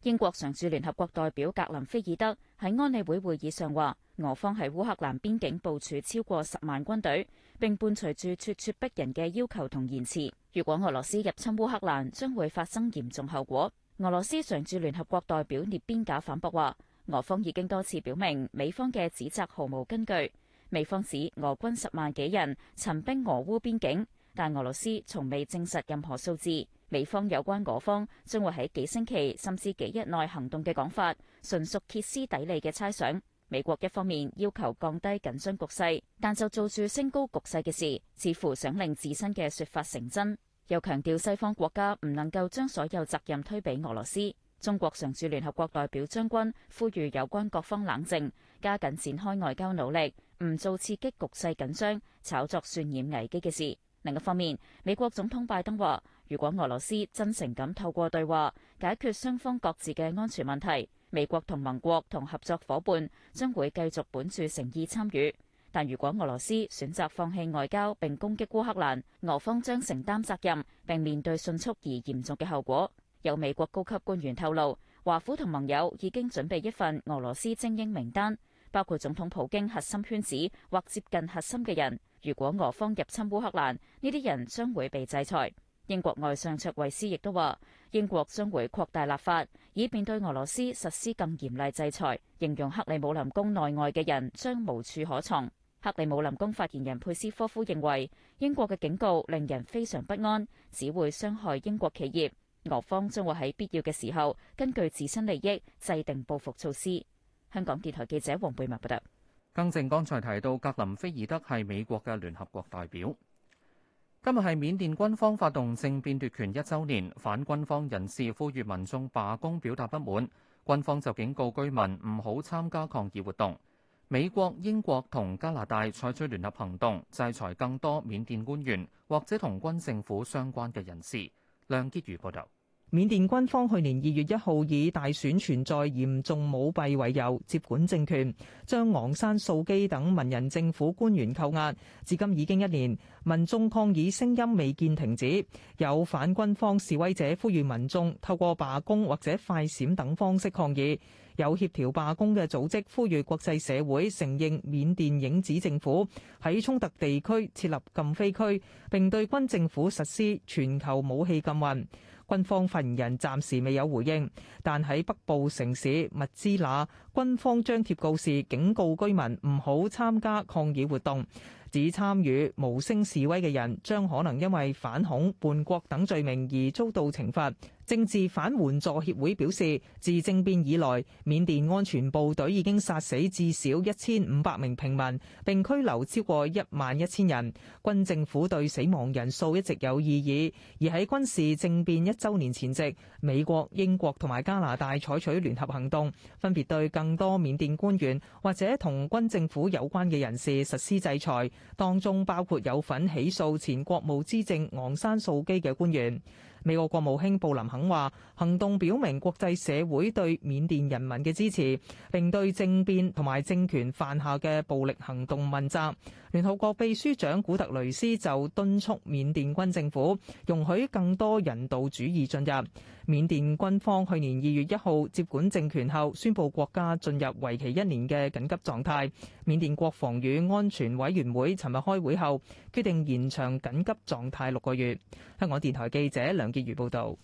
英國常駐聯合國代表格林菲爾德喺安理會會議上話，俄方喺烏克蘭邊境部署超過十萬軍隊，並伴隨住咄咄逼人嘅要求同言辭。如果俄羅斯入侵烏克蘭，將會發生嚴重後果。俄羅斯常駐聯合國代表涅邊賈反駁話。俄方已經多次表明，美方嘅指責毫無根據。美方指俄軍十萬幾人陳兵俄烏邊境，但俄羅斯從未證實任何數字。美方有關俄方將會喺幾星期甚至幾日內行動嘅講法，純屬歇斯底里嘅猜想。美國一方面要求降低緊張局勢，但就做住升高局勢嘅事，似乎想令自身嘅說法成真。又強調西方國家唔能夠將所有責任推俾俄羅斯。中國常駐聯合國代表，張軍呼籲有關各方冷靜，加緊展開外交努力，唔做刺激局勢緊張、炒作渲染危機嘅事。另一方面，美國總統拜登話：如果俄羅斯真誠咁透過對話解決雙方各自嘅安全問題，美國同盟國同合作伙伴將會繼續本住誠意參與。但如果俄羅斯選擇放棄外交並攻擊烏克蘭，俄方將承擔責任，並面對迅速而嚴重嘅後果。有美國高級官員透露，華府同盟友已經準備一份俄羅斯精英名單，包括總統普京核心圈子或接近核心嘅人。如果俄方入侵烏克蘭，呢啲人將會被制裁。英國外相卓慧思亦都話，英國將會擴大立法，以便對俄羅斯實施更嚴厲制裁，形容克里姆林宮內外嘅人將無處可藏。克里姆林宮發言人佩斯科夫認為，英國嘅警告令人非常不安，只會傷害英國企業。俄方將會喺必要嘅時候，根據自身利益制定報復措施。香港電台記者黃貝文報道。更正：剛才提到格林菲爾德係美國嘅聯合國代表。今日係緬甸軍方發動政變奪權一周年，反軍方人士呼籲民眾罷工表達不滿，軍方就警告居民唔好參加抗議活動，美國、英國同加拿大採取聯合行動，制裁更多緬甸官員或者同軍政府相關嘅人士。梁潔如報道。緬甸軍方去年二月一號以大選存在嚴重舞弊為由接管政權，將昂山素基等文人政府官員扣押，至今已經一年。民眾抗議聲音未見停止，有反軍方示威者呼籲民眾透過罷工或者快閃等方式抗議。有協調罷工嘅組織呼籲國際社會承認緬甸影子政府喺衝突地區設立禁飛區，並對軍政府實施全球武器禁運。軍方發言人暫時未有回應，但喺北部城市麥芝那，軍方張貼告示警告居民唔好參加抗議活動，指參與無聲示威嘅人將可能因為反恐、叛國等罪名而遭到懲罰。政治反援助協會表示，自政變以來，緬甸安全部隊已經殺死至少一千五百名平民，並拘留超過一萬一千人。軍政府對死亡人數一直有異議。而喺軍事政變一周年前夕，美國、英國同埋加拿大採取聯合行動，分別對更多緬甸官員或者同軍政府有關嘅人士實施制裁，當中包括有份起訴前國務資政昂山素基嘅官員。美國國務卿布林肯話：行動表明國際社會對緬甸人民嘅支持，並對政變同埋政權犯下嘅暴力行動問責。聯合國秘書長古特雷斯就敦促緬甸軍政府容許更多人道主義進入。緬甸軍方去年二月一號接管政權後，宣布國家進入為期一年嘅緊急狀態。緬甸國防與安全委員會尋日開會後，決定延長緊急狀態六個月。香港電台記者梁潔如報導。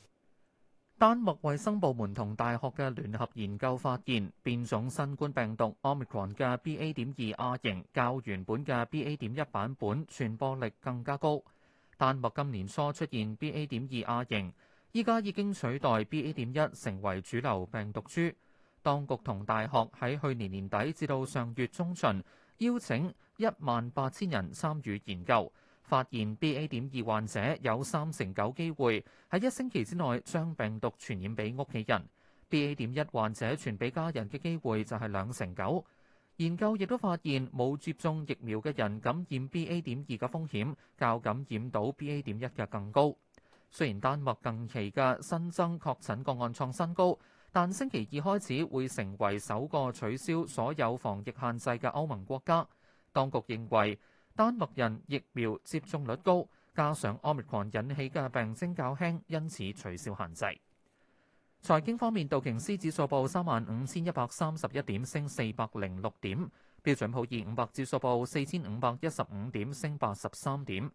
丹麥衛生部門同大學嘅聯合研究發現，變種新冠病毒 Omicron 嘅 BA. 點二亞型較原本嘅 BA. 點一版本傳播力更加高。丹麥今年初出現 BA. 點二亞型。依家已經取代 BA. 點一成為主流病毒株。當局同大學喺去年年底至到上月中旬，邀請一萬八千人參與研究，發現 BA. 點二患者有三成九機會喺一星期之內將病毒傳染俾屋企人。BA. 點一患者傳俾家人嘅機會就係兩成九。研究亦都發現，冇接種疫苗嘅人感染 BA. 點二嘅風險，較感染到 BA. 點一嘅更高。雖然丹麥近期嘅新增確診個案創新高，但星期二開始會成為首個取消所有防疫限制嘅歐盟國家。當局認為丹麥人疫苗接種率高，加上奧密克戎引起嘅病徵較輕，因此取消限制。財經方面，道瓊斯指數報三萬五千一百三十一點，升四百零六點，標準普爾五百指數報四千五百一十五點，升八十三點。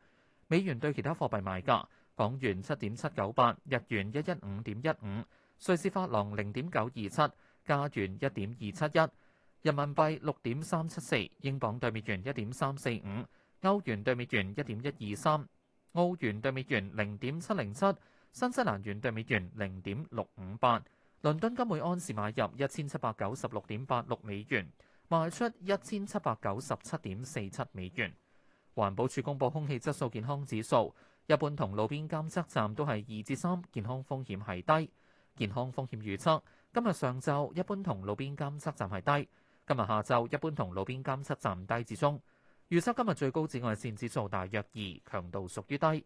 美元對其他貨幣賣價。港元七點七九八，日元一一五點一五，瑞士法郎零點九二七，加元一點二七一，人民幣六點三七四，英鎊對美元一點三四五，歐元對美元一點一二三，澳元對美元零點七零七，新西蘭元對美元零點六五八。倫敦金每盎司買入一千七百九十六點八六美元，賣出一千七百九十七點四七美元。環保署公布空氣質素健康指數。一般同路邊監測站都係二至三，3，健康風險係低。健康風險預測今日上晝一般同路邊監測站係低，今日下晝一般同路邊監測站低至中。預測今日最高紫外線指數大約二，強度屬於低。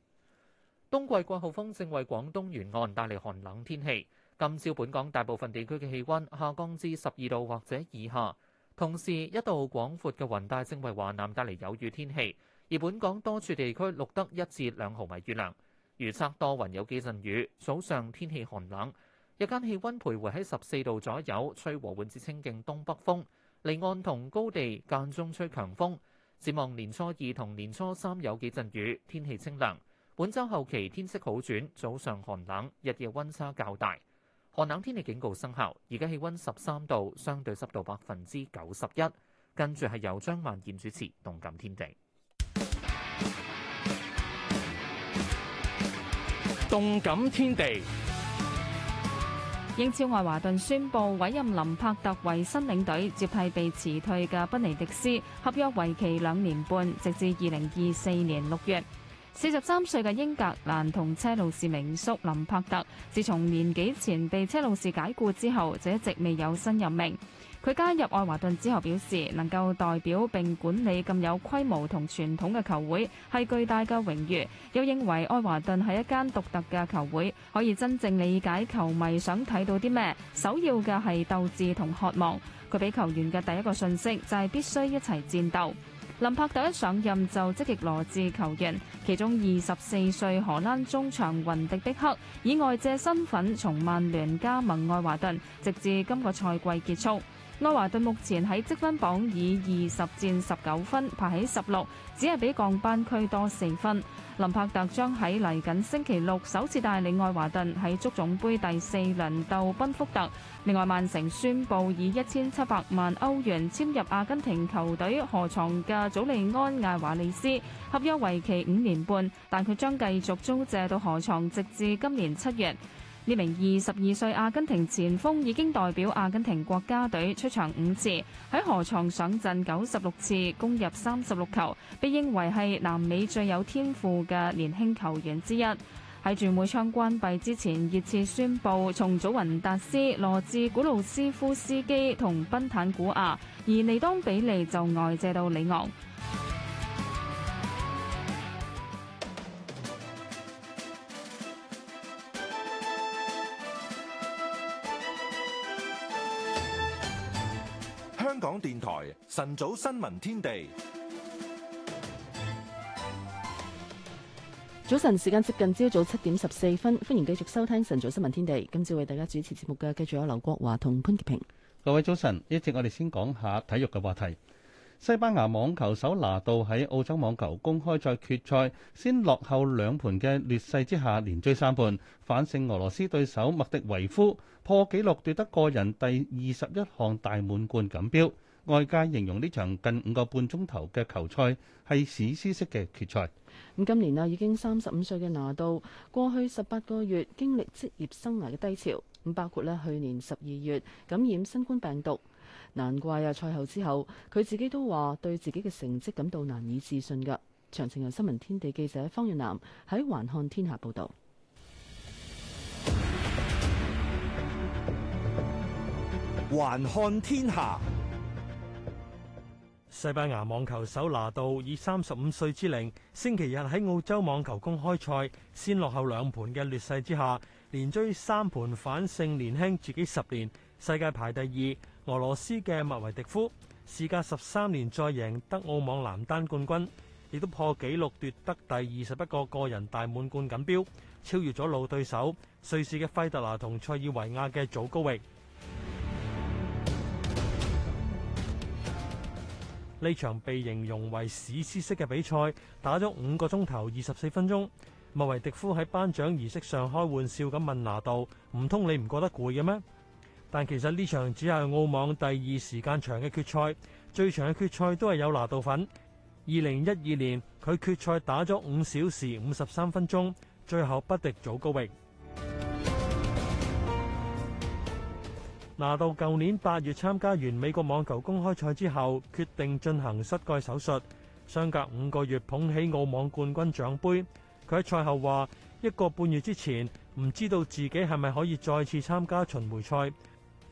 冬季季候風正為廣東沿岸帶嚟寒冷天氣，今朝本港大部分地區嘅氣溫下降至十二度或者以下，同時一道廣闊嘅雲帶正為華南帶嚟有雨天氣。而本港多處地區錄得一至兩毫米雨量，預測多雲有幾陣雨。早上天氣寒冷，日間氣溫徘徊喺十四度左右，吹和緩至清勁東北風。離岸同高地間中吹強風。展望年初二同年初三有幾陣雨，天氣清涼。本週後期天色好轉，早上寒冷，日夜溫差較大。寒冷天氣警告生效，而家氣溫十三度，相對濕度百分之九十一。跟住係由張萬燕主持《動感天地》。動感天地，英超愛華頓宣布委任林柏特為新領隊，接替被辭退嘅賓尼迪斯，合約為期兩年半，直至二零二四年六月。四十三歲嘅英格蘭同車路士名宿林柏特，自從年幾前被車路士解僱之後，就一直未有新任命。佢加入愛華頓之後，表示能夠代表並管理咁有規模同傳統嘅球會係巨大嘅榮譽。又認為愛華頓係一間獨特嘅球會，可以真正理解球迷想睇到啲咩。首要嘅係鬥志同渴望。佢俾球員嘅第一個信息就係必須一齊戰鬥。林柏特一上任就積極羅致球員，其中二十四歲荷蘭中場雲迪碧克以外借身份從曼聯加盟愛華頓，直至今個賽季結束。愛華頓目前喺積分榜以二十戰十九分排喺十六，只係比降班區多四分。林柏特將喺嚟緊星期六首次帶領愛華頓喺足總杯第四輪鬥賓福特。另外，曼城宣布以一千七百萬歐元簽入阿根廷球隊河床嘅祖利安艾華利斯，合約為期五年半，但佢將繼續租借到河床，直至今年七月。呢名二十二歲阿根廷前鋒已經代表阿根廷國家隊出場五次，喺河床上陣九十六次，攻入三十六球，被認為係南美最有天賦嘅年輕球員之一。喺轉會窗關閉之前，熱刺宣布，從祖雲達斯、羅致古魯斯夫斯基同賓坦古亞，而尼當比利就外借到里昂。晨早新聞天地，早晨時間接近朝早七點十四分，歡迎繼續收聽晨早新聞天地。今次為大家主持節目嘅繼續有劉國華同潘潔平。各位早晨，依節我哋先講下體育嘅話題。西班牙網球手拿度喺澳洲網球公開賽決賽先落後兩盤嘅劣勢之下，連追三盤，反勝俄羅斯對手麥迪維夫，破紀錄奪得個人第二十一項大滿貫錦標。外界形容呢場近五個半鐘頭嘅球賽係史詩式嘅決賽。咁今年啊，已經三十五歲嘅拿度，過去十八個月經歷職業生涯嘅低潮，咁包括咧去年十二月感染新冠病毒，難怪啊賽後之後佢自己都話對自己嘅成績感到難以置信嘅。詳情由新聞天地記者方月南喺環看天下報道。環看天下。報西班牙網球手拿度以三十五歲之齡，星期日喺澳洲網球公開賽先落後兩盤嘅劣勢之下，連追三盤反勝，年輕自己十年，世界排第二，俄羅斯嘅麥維迪夫，事隔十三年再贏得澳網男單冠軍，亦都破紀錄奪得第二十一個個人大滿貫錦標，超越咗老對手瑞士嘅費特拿同塞爾維亞嘅祖高域。呢場被形容為史詩式嘅比賽，打咗五個鐘頭二十四分鐘。莫維迪夫喺頒獎儀式上開玩笑咁問拿度：唔通你唔覺得攰嘅咩？但其實呢場只係澳網第二時間長嘅決賽，最長嘅決賽都係有拿度份。二零一二年佢決賽打咗五小時五十三分鐘，最後不敵祖高域。拿到舊年八月參加完美國網球公開賽之後，決定進行膝蓋手術，相隔五個月捧起澳網冠軍獎杯。佢喺賽後話：一個半月之前唔知道自己係咪可以再次參加巡迴賽。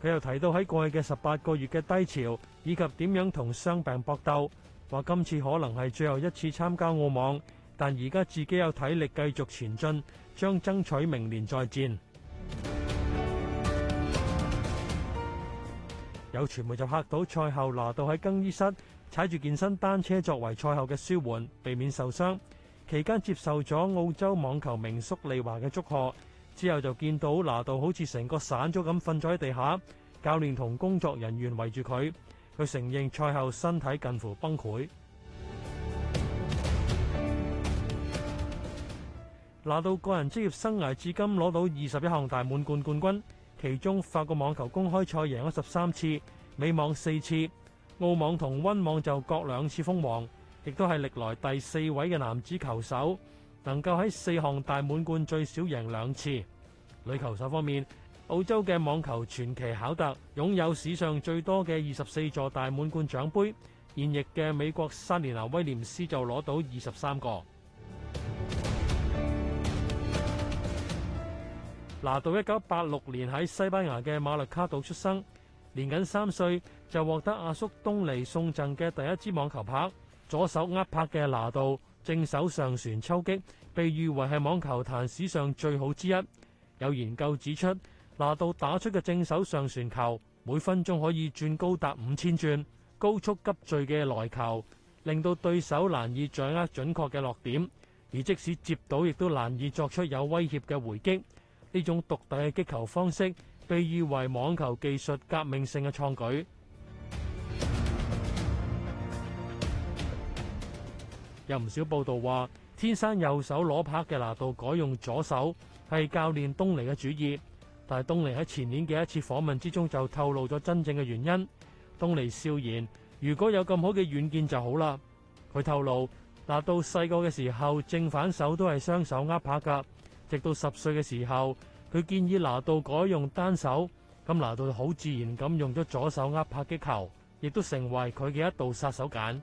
佢又提到喺過去嘅十八個月嘅低潮，以及點樣同傷病搏鬥。話今次可能係最後一次參加澳網，但而家自己有體力繼續前進，將爭取明年再戰。有傳媒就吓到賽後，拿度喺更衣室踩住健身單車作為賽後嘅舒緩，避免受傷。期間接受咗澳洲網球名宿利華嘅祝賀，之後就見到拿度好似成個散咗咁瞓咗喺地下，教練同工作人員圍住佢。佢承認賽後身體近乎崩潰。拿度個人職業生涯至今攞到二十一項大滿貫冠軍。其中法國網球公開賽贏咗十三次，美網四次，澳網同溫網就各兩次封王，亦都係歷來第四位嘅男子球手能夠喺四項大滿貫最少贏兩次。女球手方面，澳洲嘅網球傳奇考特擁有史上最多嘅二十四座大滿貫獎杯，現役嘅美國莎蓮娜威廉斯就攞到二十三個。拿度一九八六年喺西班牙嘅馬略卡島出生，年僅三歲就獲得阿叔東尼送贈嘅第一支網球拍。左手握拍嘅拿度，正手上旋抽擊，被譽為係網球壇史上最好之一。有研究指出，拿度打出嘅正手上旋球每分鐘可以轉高達五千轉，高速急墜嘅來球令到對手難以掌握準確嘅落點，而即使接到亦都難以作出有威脅嘅回擊。呢種獨特嘅擊球方式，被譽為網球技術革命性嘅創舉。有唔少報道話，天生右手攞拍嘅拿度改用左手，係教練東尼嘅主意。但係東尼喺前年嘅一次訪問之中就透露咗真正嘅原因。東尼笑言：如果有咁好嘅遠見就好啦。佢透露，拿度細個嘅時候，正反手都係雙手握拍㗎。直到十歲嘅時候，佢建議拿度改用單手，咁拿度好自然咁用咗左手握拍擊球，亦都成為佢嘅一道殺手鐧。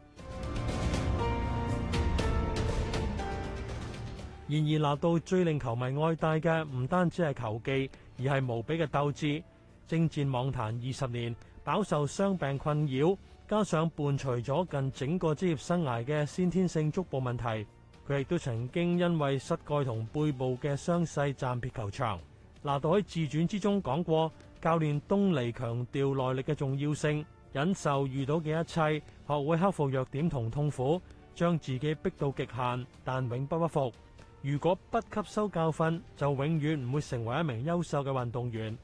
然而，拿度最令球迷愛戴嘅唔單止係球技，而係無比嘅鬥志。征戰網壇二十年，飽受傷病困擾，加上伴隨咗近整個職業生涯嘅先天性足部問題。佢亦都曾經因為膝蓋同背部嘅傷勢暫別球場。拿度喺自傳之中講過，教練東尼強調耐力嘅重要性，忍受遇到嘅一切，學會克服弱點同痛苦，將自己逼到極限，但永不屈服。如果不吸收教訓，就永遠唔會成為一名優秀嘅運動員。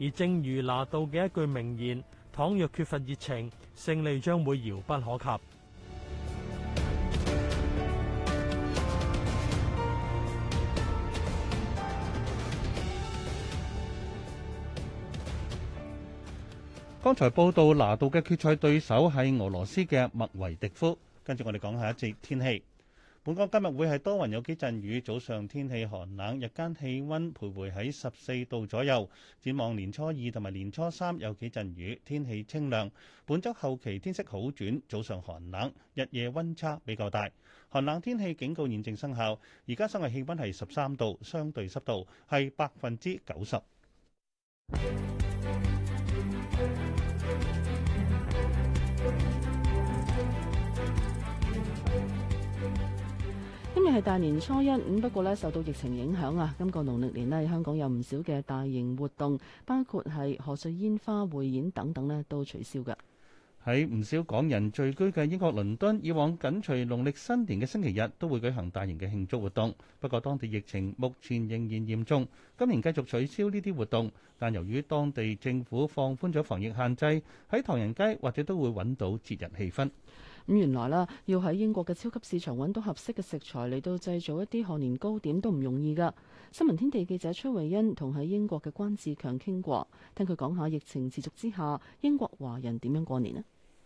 而正如拿度嘅一句名言：倘若缺乏熱情，勝利將會遙不可及。剛才報道拿到嘅決賽對手係俄羅斯嘅麥維迪夫。跟住我哋講下一節天氣。本港今日會係多雲有幾陣雨，早上天氣寒冷，日間氣溫徘徊喺十四度左右。展望年初二同埋年初三有幾陣雨，天氣清涼。本週後期天色好轉，早上寒冷，日夜溫差比較大。寒冷天氣警告現正生效。而家室外氣溫係十三度，相對濕度係百分之九十。今日係大年初一，不過呢，受到疫情影響啊，今個農曆年呢，香港有唔少嘅大型活動，包括係賀歲煙花匯演等等呢，都取消噶。喺唔少港人聚居嘅英國倫敦，以往緊隨農曆新年嘅星期日都會舉行大型嘅慶祝活動，不過當地疫情目前仍然嚴重，今年繼續取消呢啲活動。但由於當地政府放寬咗防疫限制，喺唐人街或者都會揾到節日氣氛。咁原來啦，要喺英國嘅超級市場揾到合適嘅食材嚟到製造一啲賀年糕點都唔容易㗎。新聞天地記者崔慧欣同喺英國嘅關志強傾過，聽佢講下疫情持續之下，英國華人點樣過年咧。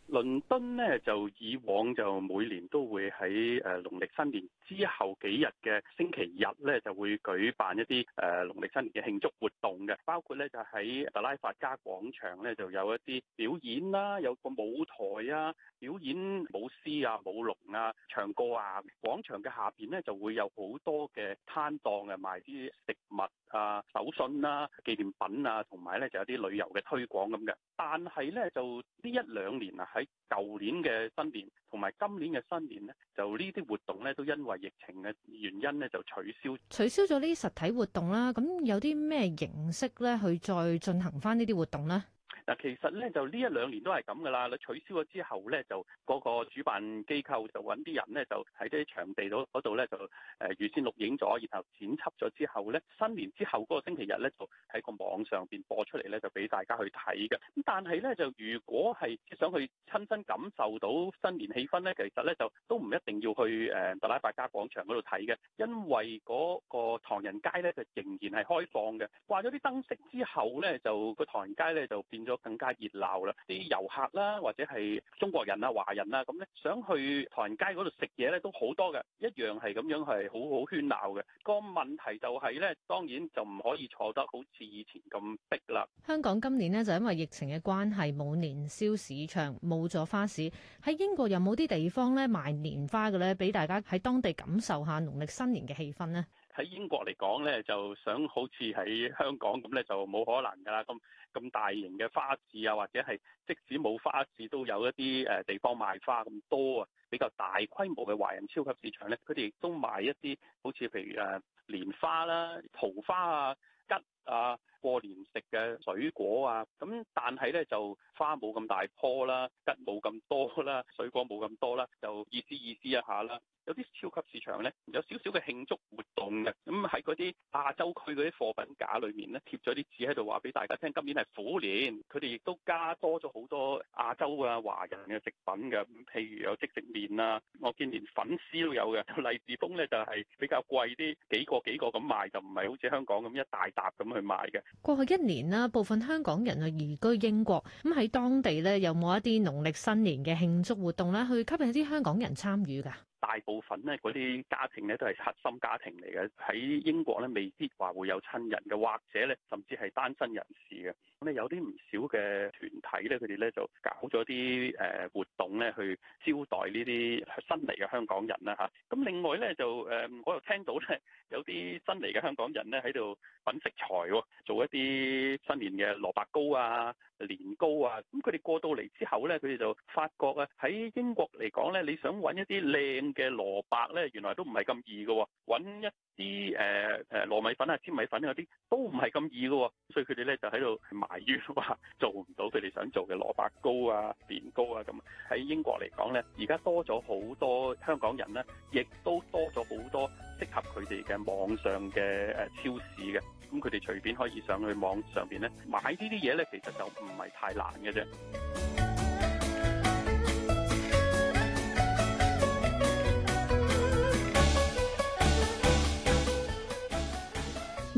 倫敦咧就以往就每年都會喺誒農曆新年之後幾日嘅星期日咧就會舉辦一啲誒農曆新年嘅慶祝活動嘅，包括咧就喺特拉法加廣場咧就有一啲表演啦、啊，有個舞台啊，表演舞獅啊、舞龍啊、唱歌啊。廣場嘅下邊咧就會有好多嘅攤檔啊賣啲食物啊、手信啊、紀念品啊，同埋咧就有啲旅遊嘅推廣咁嘅。但係咧就一兩呢一兩年啊～喺舊年嘅新年同埋今年嘅新年呢，就呢啲活動呢，都因為疫情嘅原因呢，就取消。取消咗呢啲實體活動啦，咁有啲咩形式咧去再進行翻呢啲活動呢？嗱，其實咧就呢一兩年都係咁噶啦，你取消咗之後咧，就個個主辦機構就揾啲人咧，就喺啲場地度嗰度咧就誒預先錄影咗，然後剪輯咗之後咧，新年之後嗰個星期日咧就喺個網上邊播出嚟咧，就俾大家去睇嘅。咁但係咧就如果係想去親身感受到新年氣氛咧，其實咧就都唔一定要去誒特、呃、拉法加廣場嗰度睇嘅，因為嗰個唐人街咧就仍然係開放嘅，掛咗啲燈飾之後咧，就個唐人街咧就變咗。更加熱鬧啦！啲遊客啦，或者係中國人啊、華人啦，咁咧想去唐人街嗰度食嘢咧，都好多嘅，一樣係咁樣係好好喧鬧嘅。個問題就係咧，當然就唔可以坐得好似以前咁逼啦。香港今年呢，就因為疫情嘅關係，冇年宵市場，冇咗花市。喺英國有冇啲地方咧賣年花嘅咧，俾大家喺當地感受下農曆新年嘅氣氛呢？喺英國嚟講咧，就想好似喺香港咁咧，就冇可能㗎啦。咁咁大型嘅花市啊，或者係即使冇花市，都有一啲誒地方賣花咁多啊，比較大規模嘅華人超級市場咧，佢哋亦都賣一啲好似譬如誒、啊、蓮花啦、桃花啊、桔啊，過年食嘅水果啊。咁但係咧就花冇咁大棵啦，桔冇咁多啦，水果冇咁多啦，就意思意思一下啦。有啲超級市場呢，有少少嘅慶祝活動嘅。咁喺嗰啲亞洲區嗰啲貨品架裏面呢，貼咗啲紙喺度，話俾大家聽，今年係虎年。佢哋亦都加多咗好多亞洲啊、華人嘅食品嘅。嗯，譬如有即食麵啊，我見連粉絲都有嘅。荔枝風呢，就係、是、比較貴啲，幾個幾個咁賣，就唔係好似香港咁一大沓咁去賣嘅。過去一年啦，部分香港人啊移居英國咁喺當地呢，有冇一啲農曆新年嘅慶祝活動啦，去吸引啲香港人參與㗎？大部分咧嗰啲家庭咧都係核心家庭嚟嘅，喺英國咧未必話會有親人嘅，或者咧甚至係單身人士嘅。咁咧有啲唔少嘅團體咧，佢哋咧就搞咗啲誒活動咧，去招待呢啲新嚟嘅香港人啦嚇。咁另外咧就誒，我又聽到咧有啲新嚟嘅香港人咧喺度揾食材喎，做一啲新年嘅蘿蔔糕啊。年糕啊，咁佢哋過到嚟之後咧，佢哋就發覺啊，喺英國嚟講咧，你想揾一啲靚嘅蘿蔔咧，原來都唔係咁易㗎喎、啊，揾一。而誒誒、呃呃、糯米粉啊、黏米粉嗰、啊、啲都唔係咁易㗎、哦，所以佢哋咧就喺度埋怨話做唔到佢哋想做嘅蘿蔔糕啊、年糕啊咁。喺英國嚟講咧，而家多咗好多香港人咧，亦都多咗好多適合佢哋嘅網上嘅誒、呃、超市嘅。咁佢哋隨便可以上去網上面咧買呢啲嘢咧，其實就唔係太難嘅啫。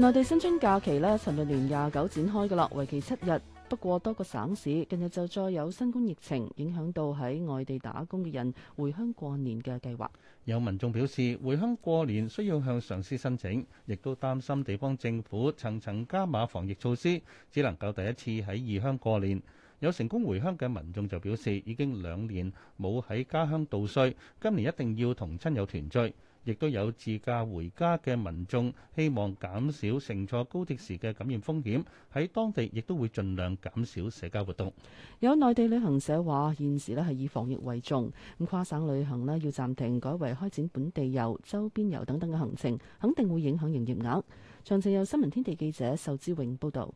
內地新春假期呢，尋日年廿九展開㗎喇，為期七日。不過多個省市近日就再有新冠疫情影響到喺外地打工嘅人回鄉過年嘅計劃。有民眾表示，回鄉過年需要向上司申請，亦都擔心地方政府層層加碼防疫措施，只能夠第一次喺異鄉過年。有成功回鄉嘅民眾就表示，已經兩年冇喺家鄉度歲，今年一定要同親友團聚。亦都有自駕回家嘅民眾，希望減少乘坐高鐵時嘅感染風險。喺當地亦都會盡量減少社交活動。有內地旅行社話：現時咧係以防疫為重，咁跨省旅行咧要暫停，改為開展本地遊、周邊遊等等嘅行程，肯定會影響營業額。詳情有新聞天地記者仇志永報導。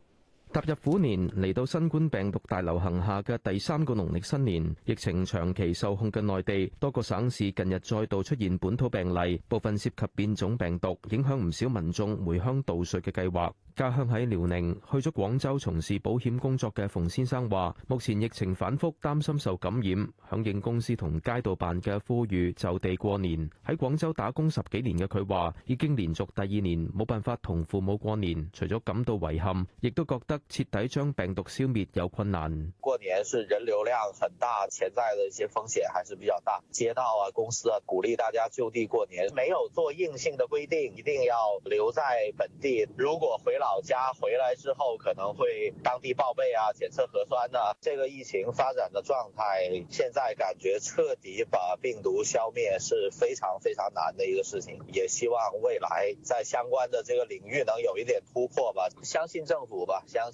踏入虎年，嚟到新冠病毒大流行下嘅第三個農曆新年，疫情長期受控嘅內地多個省市近日再度出現本土病例，部分涉及變種病毒，影響唔少民眾回鄉度歲嘅計劃。家鄉喺遼寧，去咗廣州從事保險工作嘅馮先生話，目前疫情反復擔心受感染，響應公司同街道辦嘅呼籲就地過年。喺廣州打工十幾年嘅佢話，已經連續第二年冇辦法同父母過年，除咗感到遺憾，亦都覺得。徹底將病毒消滅有困難。過年是人流量很大，潛在的一些風險還是比較大。街道啊、公司啊，鼓勵大家就地過年，沒有做硬性的規定，一定要留在本地。如果回老家回來之後，可能會當地報備啊、檢測核酸啊。這個疫情發展的狀態，現在感覺徹底把病毒消滅是非常非常難的一個事情。也希望未來在相關的這個領域能有一點突破吧。相信政府吧，相信。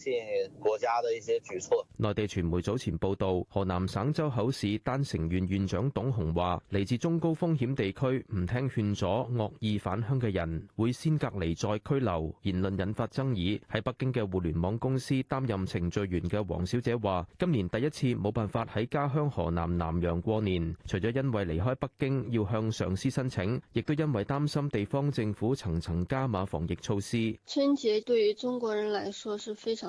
國家的一些舉措。內地傳媒早前報道，河南省周口市鄲城縣縣長董鴻話，嚟自中高風險地區唔聽勸阻惡意返鄉嘅人，會先隔離再拘留，言論引發爭議。喺北京嘅互聯網公司擔任程序員嘅黃小姐話，今年第一次冇辦法喺家鄉河南南陽過年，除咗因為離開北京要向上司申請，亦都因為擔心地方政府層層加碼防疫措施。春節對於中國人來說是非常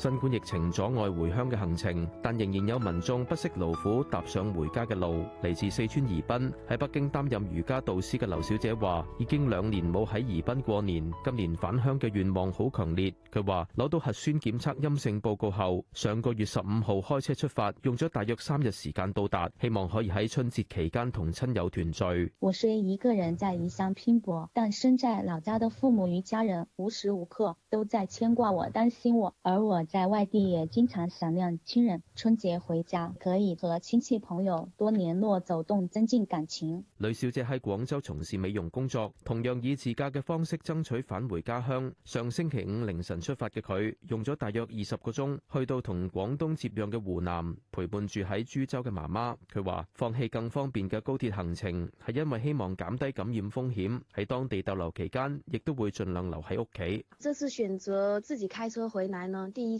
新冠疫情阻礙回鄉嘅行程，但仍然有民眾不惜勞苦踏上回家嘅路。嚟自四川宜賓，喺北京擔任瑜伽導師嘅劉小姐話已經兩年冇喺宜賓過年，今年返鄉嘅願望好強烈。佢話攞到核酸檢測陰性報告後，上個月十五號開車出發，用咗大約三日時間到達，希望可以喺春節期間同親友團聚。我雖一個人在異鄉拼搏，但身在老家嘅父母與家人無時無刻都在牽掛我、擔心我，而我。在外地也經常想念親人，春節回家可以和親戚朋友多聯絡走動，增進感情。呂小姐喺廣州，從事美容工作，同樣以自駕嘅方式爭取返回家鄉。上星期五凌晨出發嘅佢，用咗大約二十個鐘去到同廣東接壤嘅湖南，陪伴住喺株洲嘅媽媽。佢話放棄更方便嘅高鐵行程，係因為希望減低感染風險。喺當地逗留期間，亦都會盡量留喺屋企。這次選擇自己開車回來呢？第一。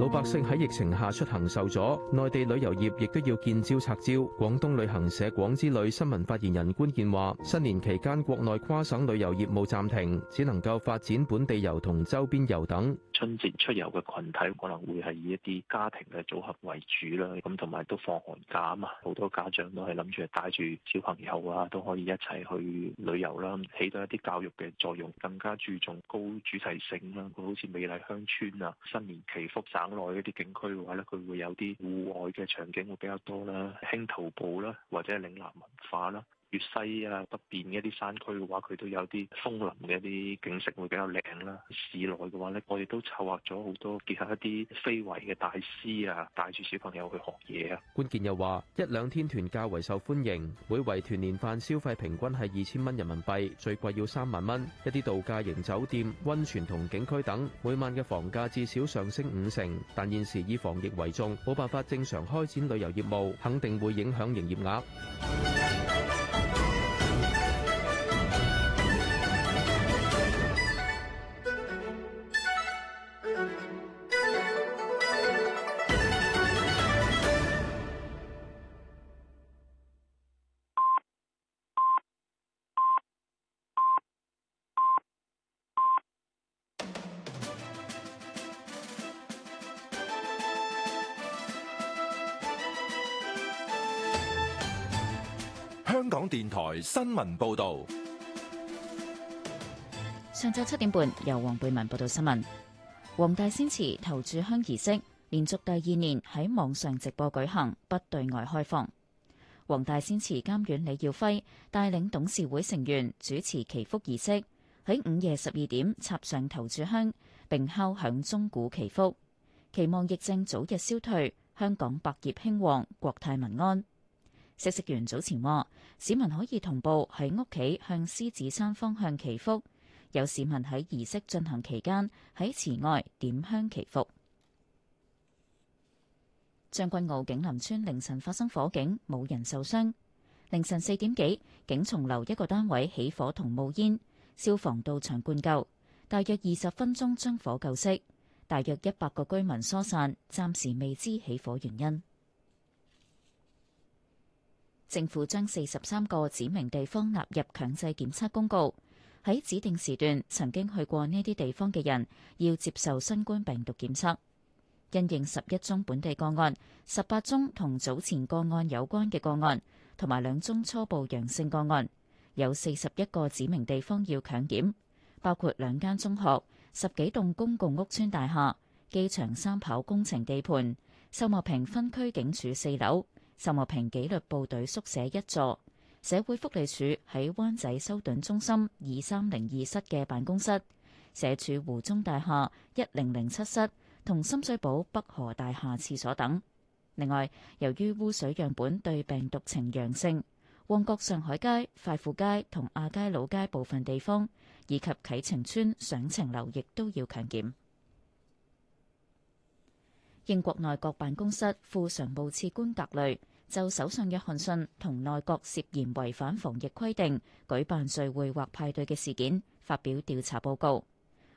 老百姓喺疫情下出行受阻，內地旅遊業亦都要見招拆招。廣東旅行社廣之旅新聞發言人官健話，新年期間國內跨省旅遊業務暫停，只能夠發展本地遊同周邊遊等。春節出遊嘅群體可能會係以一啲家庭嘅組合為主啦，咁同埋都放寒假啊嘛，好多家長都係諗住帶住小朋友啊都可以一齊去旅遊啦，起到一啲教育嘅作用，更加注重高主題性啦。佢好似美麗鄉村啊、新年祈福省內嗰啲景區嘅話咧，佢會有啲戶外嘅場景會比較多啦，輕徒步啦，或者嶺南文化啦。粵西啊，北邊一啲山區嘅話，佢都有啲楓林嘅一啲景色會比較靚啦。市內嘅話咧，我哋都策劃咗好多結合一啲非遺嘅大師啊，帶住小朋友去學嘢啊。關鍵又話一兩天團較為受歡迎，每圍團年飯消費平均係二千蚊人民幣，最貴要三萬蚊。一啲度假型酒店、溫泉同景區等，每晚嘅房價至少上升五成。但現時以防疫為重，冇辦法正常開展旅遊業務，肯定會影響營業額。香港電台新聞報道：上晝七點半，由黃貝文報道新聞。黃大仙祠頭炷香儀式連續第二年喺網上直播舉行，不對外開放。黃大仙祠監院李耀輝帶領董事會成員主持祈福儀式，喺午夜十二點插上頭炷香，並敲響鐘鼓祈福，期望疫症早日消退，香港百業興旺，國泰民安。食食員早前話，市民可以同步喺屋企向獅子山方向祈福。有市民喺儀式進行期間喺祠外點香祈福。將軍澳景林村凌晨發生火警，冇人受傷。凌晨四點幾，景松樓一個單位起火同冒煙，消防到場灌救，大約二十分鐘將火救熄，大約一百個居民疏散，暫時未知起火原因。政府將四十三個指明地方納入強制檢測公告，喺指定時段曾經去過呢啲地方嘅人要接受新冠病毒檢測。因應十一宗本地個案、十八宗同早前個案有關嘅個案，同埋兩宗初步陽性個案，有四十一個指明地方要強檢，包括兩間中學、十幾棟公共屋邨大廈、機場三跑工程地盤、秀茂坪分區警署四樓。深和平紀律部隊宿舍一座，社會福利署喺灣仔修頓中心二三零二室嘅辦公室，社署湖中大廈一零零七室同深水埗北河大廈廁所等。另外，由於污水樣本對病毒呈陽性，旺角上海街、快富街同亞皆老街部分地方以及啟晴邨上程樓亦都要強檢。英國內閣辦公室副常務次官格雷就首相約翰遜同內閣涉嫌違反防疫規定舉辦聚會或派對嘅事件發表調查報告，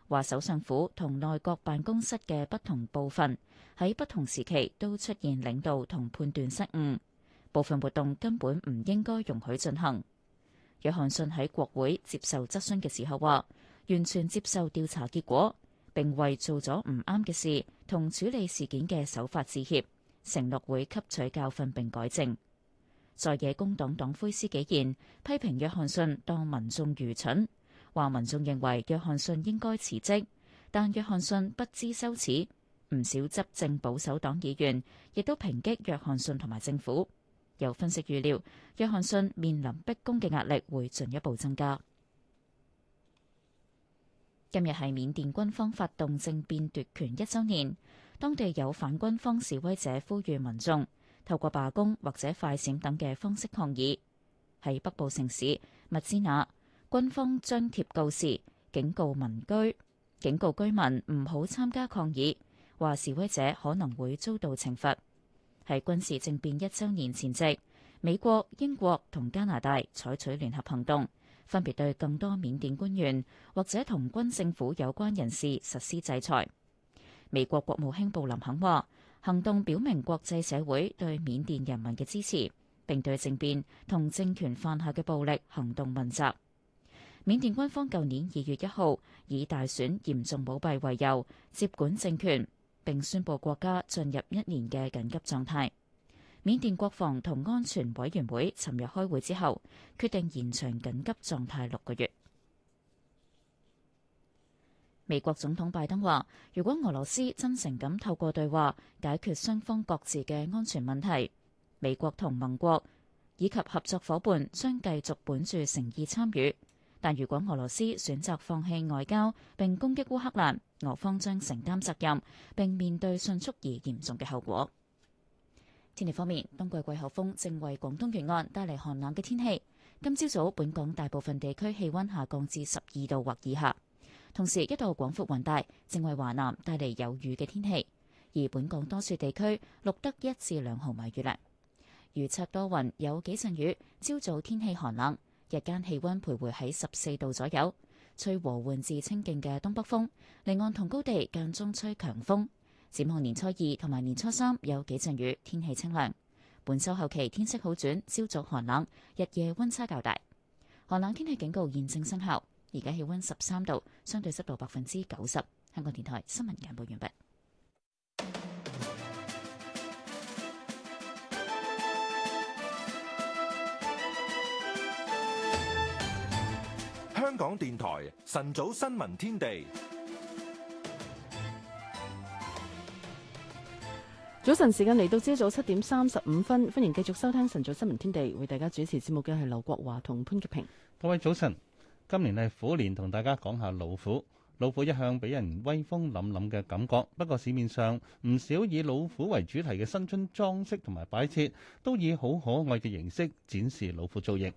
話首相府同內閣辦公室嘅不同部分喺不同時期都出現領導同判斷失誤，部分活動根本唔應該容許進行。約翰遜喺國會接受質詢嘅時候話：完全接受調查結果，並為做咗唔啱嘅事同處理事件嘅手法致歉，承諾會吸取教訓並改正。在野工黨黨魁施紀賢批評約翰遜當民眾愚蠢，話民眾認為約翰遜應該辭職，但約翰遜不知羞恥。唔少執政保守黨議員亦都抨擊約翰遜同埋政府。有分析預料，約翰遜面臨逼宮嘅壓力會進一步增加。今日係緬甸軍方發動政變奪權一週年，當地有反軍方示威者呼籲民眾透過罷工或者快閃等嘅方式抗議。喺北部城市密支那，軍方張貼告示，警告民居，警告居民唔好參加抗議，話示威者可能會遭到懲罰。喺軍事政變一週年前夕，美國、英國同加拿大採取聯合行動。分別對更多緬甸官員或者同軍政府有關人士實施制裁。美國國務卿布林肯話：行動表明國際社會對緬甸人民嘅支持，並對政變同政權犯下嘅暴力行動問責。緬甸軍方舊年二月一號以大選嚴重舞弊為由接管政權，並宣布國家進入一年嘅緊急狀態。緬甸國防同安全委員會尋日開會之後，決定延長緊急狀態六個月。美國總統拜登話，如果俄羅斯真誠咁透過對話解決雙方各自嘅安全問題，美國同盟國以及合作伙伴將繼續本住誠意參與。但如果俄羅斯選擇放棄外交並攻擊烏克蘭，俄方將承擔責任，並面對迅速而嚴重嘅後果。天氣方面，冬季季候風正為廣東沿岸帶嚟寒冷嘅天氣。今朝早，早，本港大部分地區氣溫下降至十二度或以下，同時一道廣闊雲帶正為華南帶嚟有雨嘅天氣。而本港多處地區錄得一至兩毫米雨量。預測多雲，有幾陣雨。朝早天氣寒冷，日間氣溫徘徊喺十四度左右，吹和緩至清勁嘅東北風，離岸同高地間中吹強風。展望年初二同埋年初三有幾陣雨，天氣清涼。本周後期天色好轉，朝早寒冷，日夜溫差較大。寒冷天氣警告現正生效。而家氣溫十三度，相對濕度百分之九十。香港電台新聞簡報完畢。香港電台晨早新聞天地。早晨時間嚟到朝早七點三十五分，歡迎繼續收聽晨早新聞天地，為大家主持節目嘅係劉國華同潘潔平。各位早晨，今年係虎年，同大家講下老虎。老虎一向俾人威風凜凜嘅感覺，不過市面上唔少以老虎為主題嘅新春裝飾同埋擺設，都以好可愛嘅形式展示老虎造型。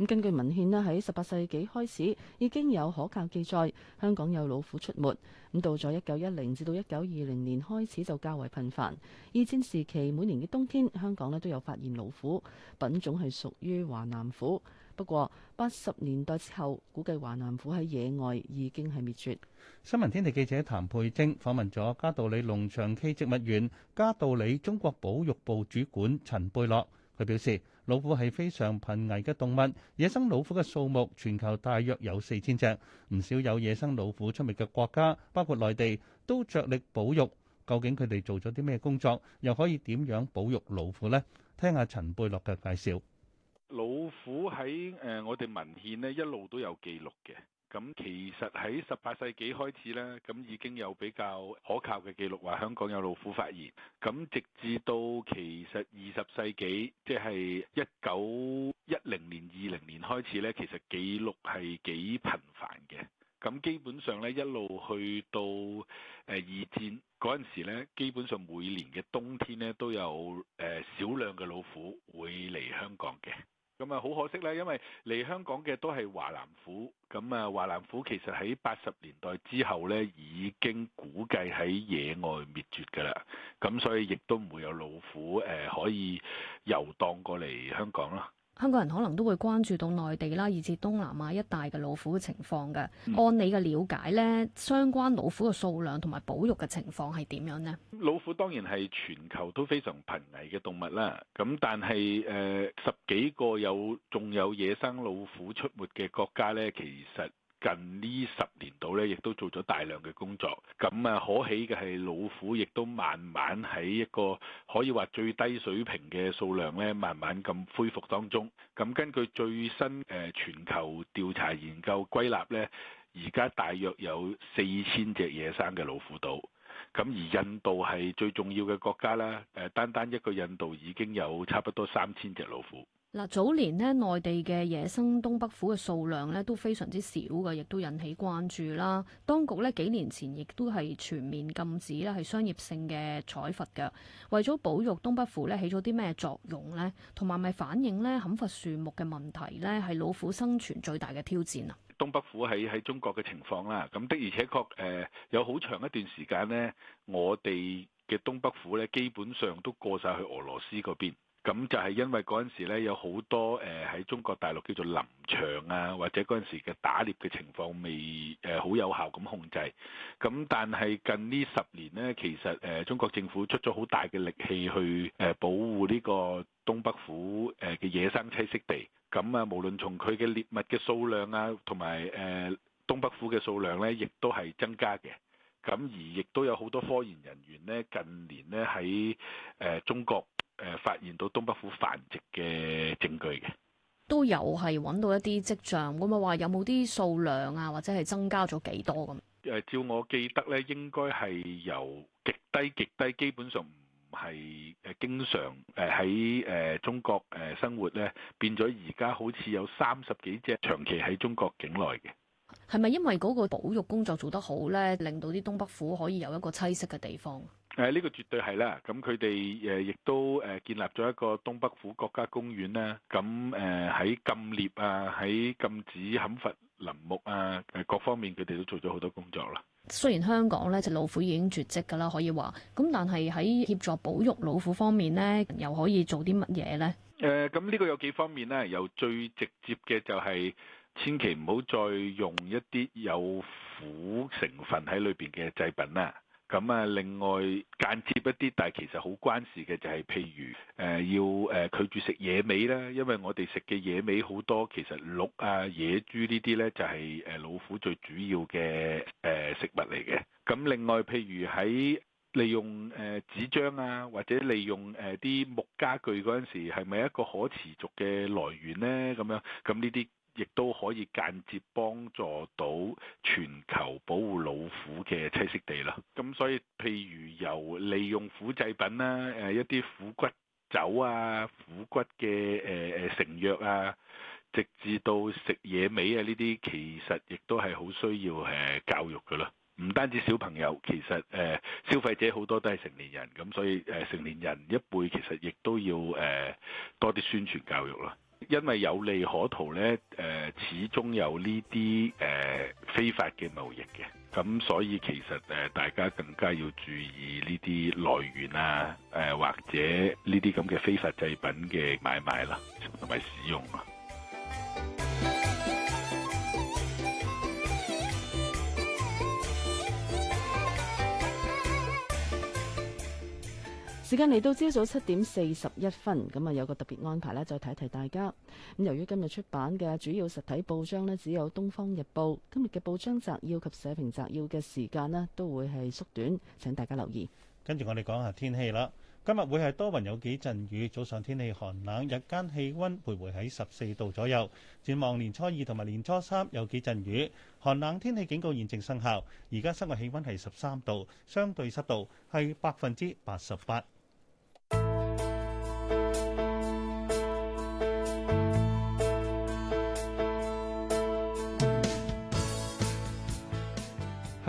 咁根據文獻呢，喺十八世紀開始已經有可靠記載，香港有老虎出沒。咁到咗一九一零至到一九二零年開始就較為頻繁。二戰時期每年嘅冬天，香港呢都有發現老虎，品種係屬於華南虎。不過八十年代之後，估計華南虎喺野外已經係滅絕。新聞天地記者譚佩晶訪問咗加道理農場暨植物園，加道理中國保育部主管陳貝樂，佢表示老虎係非常瀕危嘅動物，野生老虎嘅數目全球大約有四千隻，唔少有野生老虎出名嘅國家，包括內地都着力保育。究竟佢哋做咗啲咩工作，又可以點樣保育老虎呢？聽下陳貝樂嘅介紹。老虎喺誒、呃、我哋文獻咧一路都有記錄嘅，咁其實喺十八世紀開始咧，咁已經有比較可靠嘅記錄話香港有老虎發現，咁直至到其實二十世紀，即係一九一零年二零年開始咧，其實記錄係幾頻繁嘅，咁基本上咧一路去到誒、呃、二戰嗰陣時咧，基本上每年嘅冬天咧都有誒、呃、少量嘅老虎會嚟香港嘅。咁啊，好可惜咧，因為嚟香港嘅都係華南虎，咁啊，華南虎其實喺八十年代之後咧，已經估計喺野外滅絕㗎啦，咁所以亦都唔會有老虎誒、呃、可以遊蕩過嚟香港咯。香港人可能都會關注到內地啦，以至東南亞一帶嘅老虎嘅情況嘅。按你嘅了解呢，相關老虎嘅數量同埋保育嘅情況係點樣呢？老虎當然係全球都非常瀕危嘅動物啦。咁但係誒、呃，十幾個有仲有野生老虎出沒嘅國家呢，其實。近呢十年度咧，亦都做咗大量嘅工作。咁啊，可喜嘅係老虎亦都慢慢喺一個可以話最低水平嘅數量咧，慢慢咁恢復當中。咁根據最新誒、全球調查研究歸納咧，而家大約有四千隻野生嘅老虎度。咁而印度係最重要嘅國家啦。誒，單單一個印度已經有差不多三千隻老虎。嗱，早年咧，內地嘅野生東北虎嘅數量咧都非常之少嘅，亦都引起關注啦。當局咧幾年前亦都係全面禁止啦，係商業性嘅採伐嘅。為咗保育東北虎咧，起咗啲咩作用咧？同埋咪反映咧砍伐樹木嘅問題咧，係老虎生存最大嘅挑戰啊！東北虎喺喺中國嘅情況啦，咁的而且確誒、呃、有好長一段時間呢，我哋嘅東北虎咧基本上都過晒去俄羅斯嗰邊。咁就係因為嗰陣時咧，有好多誒喺中國大陸叫做林場啊，或者嗰陣時嘅打獵嘅情況未誒好有效咁控制。咁但係近呢十年呢，其實誒中國政府出咗好大嘅力氣去誒保護呢個東北虎誒嘅野生棲息地。咁啊，無論從佢嘅獵物嘅數量啊，同埋誒東北虎嘅數量咧，亦都係增加嘅。咁而亦都有好多科研人員呢，近年呢喺誒中國。誒、呃，發現到東北虎繁殖嘅證據嘅，都有係揾到一啲跡象咁啊。話有冇啲數量啊，或者係增加咗幾多咁？誒、呃，照我記得咧，應該係由極低極低，基本上唔係誒經常誒喺誒中國誒生活咧，變咗而家好似有三十幾隻長期喺中國境內嘅。係咪因為嗰個保育工作做得好咧，令到啲東北虎可以有一個棲息嘅地方？誒，呢個絕對係啦，咁佢哋誒亦都誒建立咗一個東北虎國家公園啦，咁誒喺禁獵啊，喺禁止砍伐林木啊，誒各方面佢哋都做咗好多工作啦。雖然香港咧隻老虎已經絕迹噶啦，可以話，咁但係喺協助保育老虎方面咧，又可以做啲乜嘢咧？誒，咁呢個有幾方面咧？又最直接嘅就係，千祈唔好再用一啲有虎成分喺裏邊嘅製品啦。咁啊，另外間接一啲，但係其實好關事嘅就係、是，譬如誒、呃、要誒拒絕食野味啦，因為我哋食嘅野味好多，其實鹿啊、野豬呢啲呢，就係誒老虎最主要嘅誒食物嚟嘅。咁另外，譬如喺利用誒紙張啊，或者利用誒啲木家具嗰陣時，係咪一個可持續嘅來源呢？咁樣咁呢啲。這亦都可以間接幫助到全球保護老虎嘅棲息地啦。咁所以，譬如由利用虎製品啦，誒一啲虎骨酒啊、虎骨嘅誒誒成藥啊，直至到食野味啊呢啲，其實亦都係好需要誒、呃、教育嘅咯。唔單止小朋友，其實誒、呃、消費者好多都係成年人，咁所以誒、呃、成年人一輩其實亦都要誒、呃、多啲宣傳教育啦。因為有利可圖呢，誒、呃、始終有呢啲誒非法嘅貿易嘅，咁所以其實誒、呃、大家更加要注意呢啲來源啊，誒、呃、或者呢啲咁嘅非法製品嘅買賣啦，同埋使用喇。時間嚟到朝早七點四十一分，咁啊有個特別安排咧，再提一提大家。咁由於今日出版嘅主要實體報章咧，只有《東方日報》，今日嘅報章摘要及社評摘要嘅時間咧，都會係縮短，請大家留意。跟住我哋講下天氣啦。今日會係多雲有幾陣雨，早上天氣寒冷，日間氣溫徘徊喺十四度左右。展望年初二同埋年初三有幾陣雨，寒冷天氣警告現正生效。而家室外氣温係十三度，相對濕度係百分之八十八。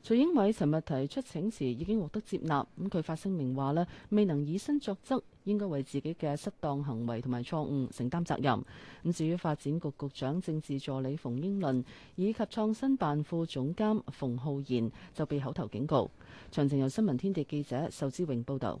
徐英偉尋日提出請辭，已經獲得接納。咁佢發聲明話咧，未能以身作則，應該為自己嘅失當行為同埋錯誤承擔責任。咁至於發展局局長政治助理馮英倫以及創新辦副總監馮浩然就被口頭警告。詳情由新聞天地記者仇之榮報導。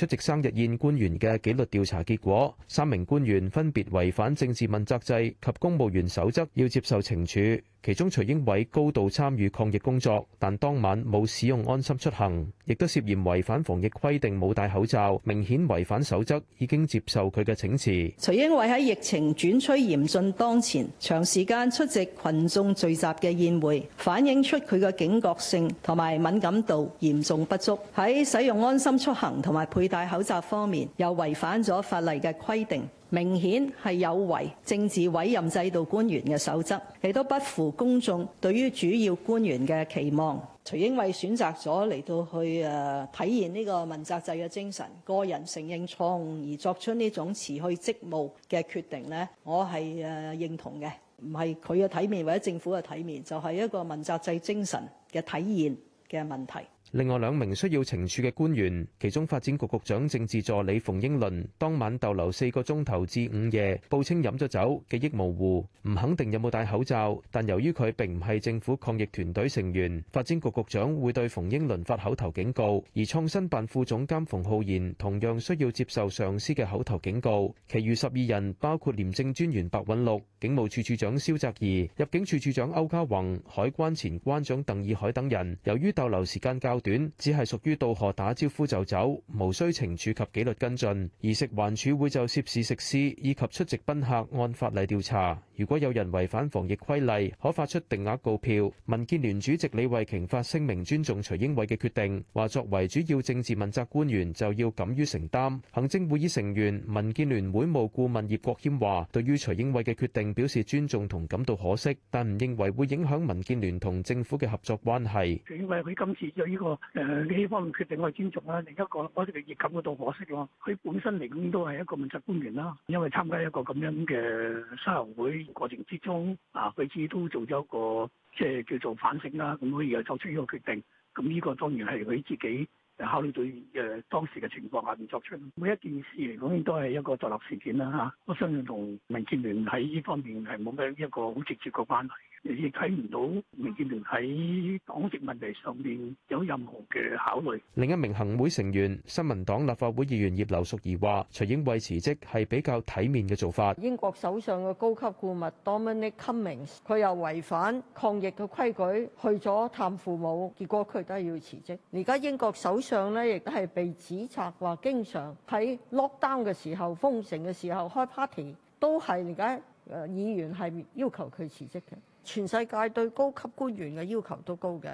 出席生日宴官員嘅紀律調查結果，三名官員分別違反政治問責制及公務員守則，要接受懲處。其中，徐英偉高度參與抗疫工作，但當晚冇使用安心出行，亦都涉嫌違反防疫規定冇戴口罩，明顯違反守則，已經接受佢嘅請辭。徐英偉喺疫情轉趨嚴峻當前，長時間出席群眾聚集嘅宴會，反映出佢嘅警覺性同埋敏感度嚴重不足。喺使用安心出行同埋佩戴口罩方面，又違反咗法例嘅規定。明顯係有違政治委任制度官員嘅守則，亦都不符公眾對於主要官員嘅期望。徐英偉選擇咗嚟到去誒體現呢個問責制嘅精神，個人承認錯誤而作出呢種辭去職務嘅決定咧，我係誒認同嘅，唔係佢嘅體面或者政府嘅體面，就係、是、一個問責制精神嘅體現嘅問題。另外兩名需要懲處嘅官員，其中發展局局長政治助理馮英倫當晚逗留四個鐘頭至午夜，報稱飲咗酒，記憶模糊，唔肯定有冇戴口罩。但由於佢並唔係政府抗疫團隊成員，發展局局長會對馮英倫發口頭警告。而創新辦副總監馮浩然同樣需要接受上司嘅口頭警告。其餘十二人包括廉政專員白韞六、警務處處長蕭澤頤、入境處處長區嘉宏、海關前關長鄧以海等人，由於逗留時間較短，只係屬於到河打招呼就走，無需懲處及紀律跟進。而食環署會就涉事食肆以及出席賓客按法例調查。如果有人違反防疫規例，可發出定額告票。民建聯主席李慧瓊發聲明尊重徐英偉嘅決定，話作為主要政治問責官員就要敢於承擔。行政會議成員、民建聯會務顧問葉國謙話，對於徐英偉嘅決定表示尊重同感到可惜，但唔認為會影響民建聯同政府嘅合作關係。因為佢今次有呢、這個。誒，呢方面決定我哋尊重啦。另一個，我哋亦感覺到可惜咯。佢本身嚟講都係一個問責官員啦，因為參加一個咁樣嘅生日會過程之中，啊， 佢自己都做咗一個即係叫做反省啦。咁所以又作出呢個決定，咁呢個當然係佢自己考慮到誒當時嘅情況下面作出。每一件事嚟講都係一個獨立事件啦。嚇，我相信同民建聯喺呢方面係冇咩一個好直接嘅關係。亦睇唔到，民建聯喺黨籍問題上面有任何嘅考慮。另一名行會成員、新民黨立法會議員葉劉淑儀話，徐英偉辭職係比較體面嘅做法。英國首相嘅高級顧問 Dominic Cummings，佢又違反抗疫嘅規矩，去咗探父母，結果佢都係要辭職。而家英國首相咧，亦都係被指責話經常喺 lockdown 嘅時候、封城嘅時候開 party，都係而家誒議員係要求佢辭職嘅。全世界對高級官員嘅要求都高嘅，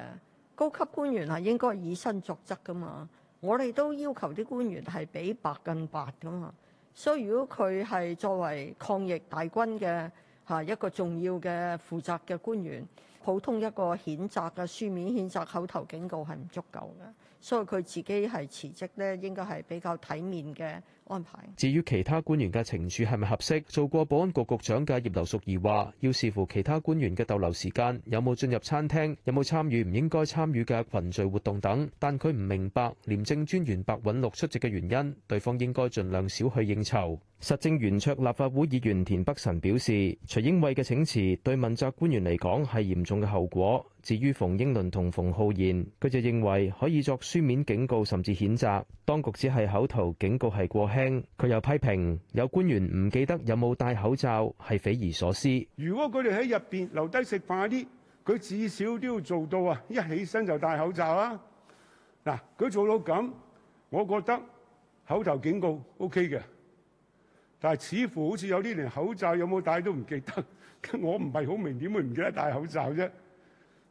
高級官員係應該以身作則㗎嘛。我哋都要求啲官員係比白更白㗎嘛。所以如果佢係作為抗疫大軍嘅嚇一個重要嘅負責嘅官員，普通一個譴責嘅書面譴責、口頭警告係唔足夠嘅。所以佢自己係辭職咧，應該係比較體面嘅。安排。至於其他官員嘅懲處係咪合適？做過保安局局長嘅葉劉淑儀話：要視乎其他官員嘅逗留時間，有冇進入餐廳，有冇參與唔應該參與嘅群聚活動等。但佢唔明白廉政專員白韞六出席嘅原因，對方應該盡量少去應酬。實政圓桌立法會議員田北辰表示：徐英偉嘅請辭對問責官員嚟講係嚴重嘅後果。至於馮英倫同馮浩然，佢就認為可以作書面警告，甚至譴責。當局只係口頭警告係過。聽佢又批評有官員唔記得有冇戴口罩，係匪夷所思。如果佢哋喺入邊留低食飯啲，佢至少都要做到啊！一起身就戴口罩啊！嗱，佢做到咁，我覺得口頭警告 OK 嘅。但係似乎好似有啲連口罩有冇戴都唔記得，我唔係好明點會唔記得戴口罩啫。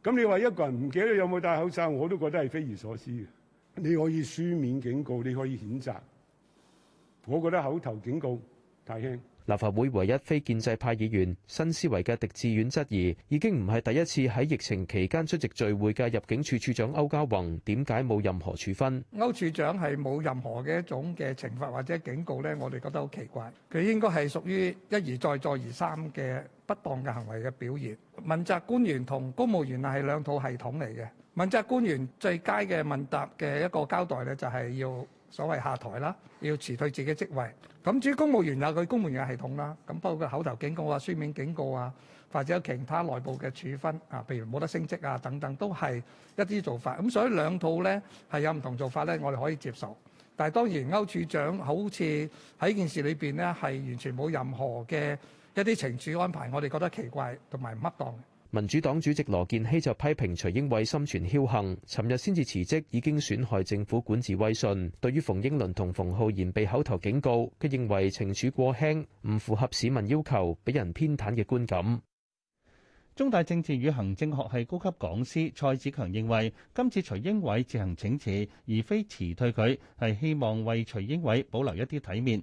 咁你話一個人唔記得有冇戴口罩，我都覺得係匪夷所思嘅。你可以書面警告，你可以譴責。我覺得口頭警告太輕。立法會唯一非建制派議員新思維嘅狄志遠質疑，已經唔係第一次喺疫情期間出席聚會嘅入境處處長區嘉宏，點解冇任何處分？區處長係冇任何嘅一種嘅懲罰或者警告呢，我哋覺得好奇怪。佢應該係屬於一而再再而三嘅不當嘅行為嘅表現。問責官員同公務員啊係兩套系統嚟嘅。問責官員最佳嘅問答嘅一個交代呢，就係要，所謂下台啦，要辭退自己職位。咁至於公務員有佢公務員嘅系統啦，咁包括口頭警告啊、書面警告啊，或者有其他內部嘅處分啊，譬如冇得升職啊等等，都係一啲做法。咁所以兩套呢係有唔同做法呢，我哋可以接受。但係當然歐處長好似喺件事裏邊呢，係完全冇任何嘅一啲懲處安排，我哋覺得奇怪同埋唔恰當。民主黨主席羅健熙就批評徐英偉心存僥倖，尋日先至辭職已經損害政府管治威信。對於馮英倫同馮浩然被口頭警告，佢認為懲處過輕，唔符合市民要求，俾人偏袒嘅觀感。中大政治與行政學系高級講師蔡子強認為，今次徐英偉自行請辭而非辭退佢，係希望為徐英偉保留一啲體面。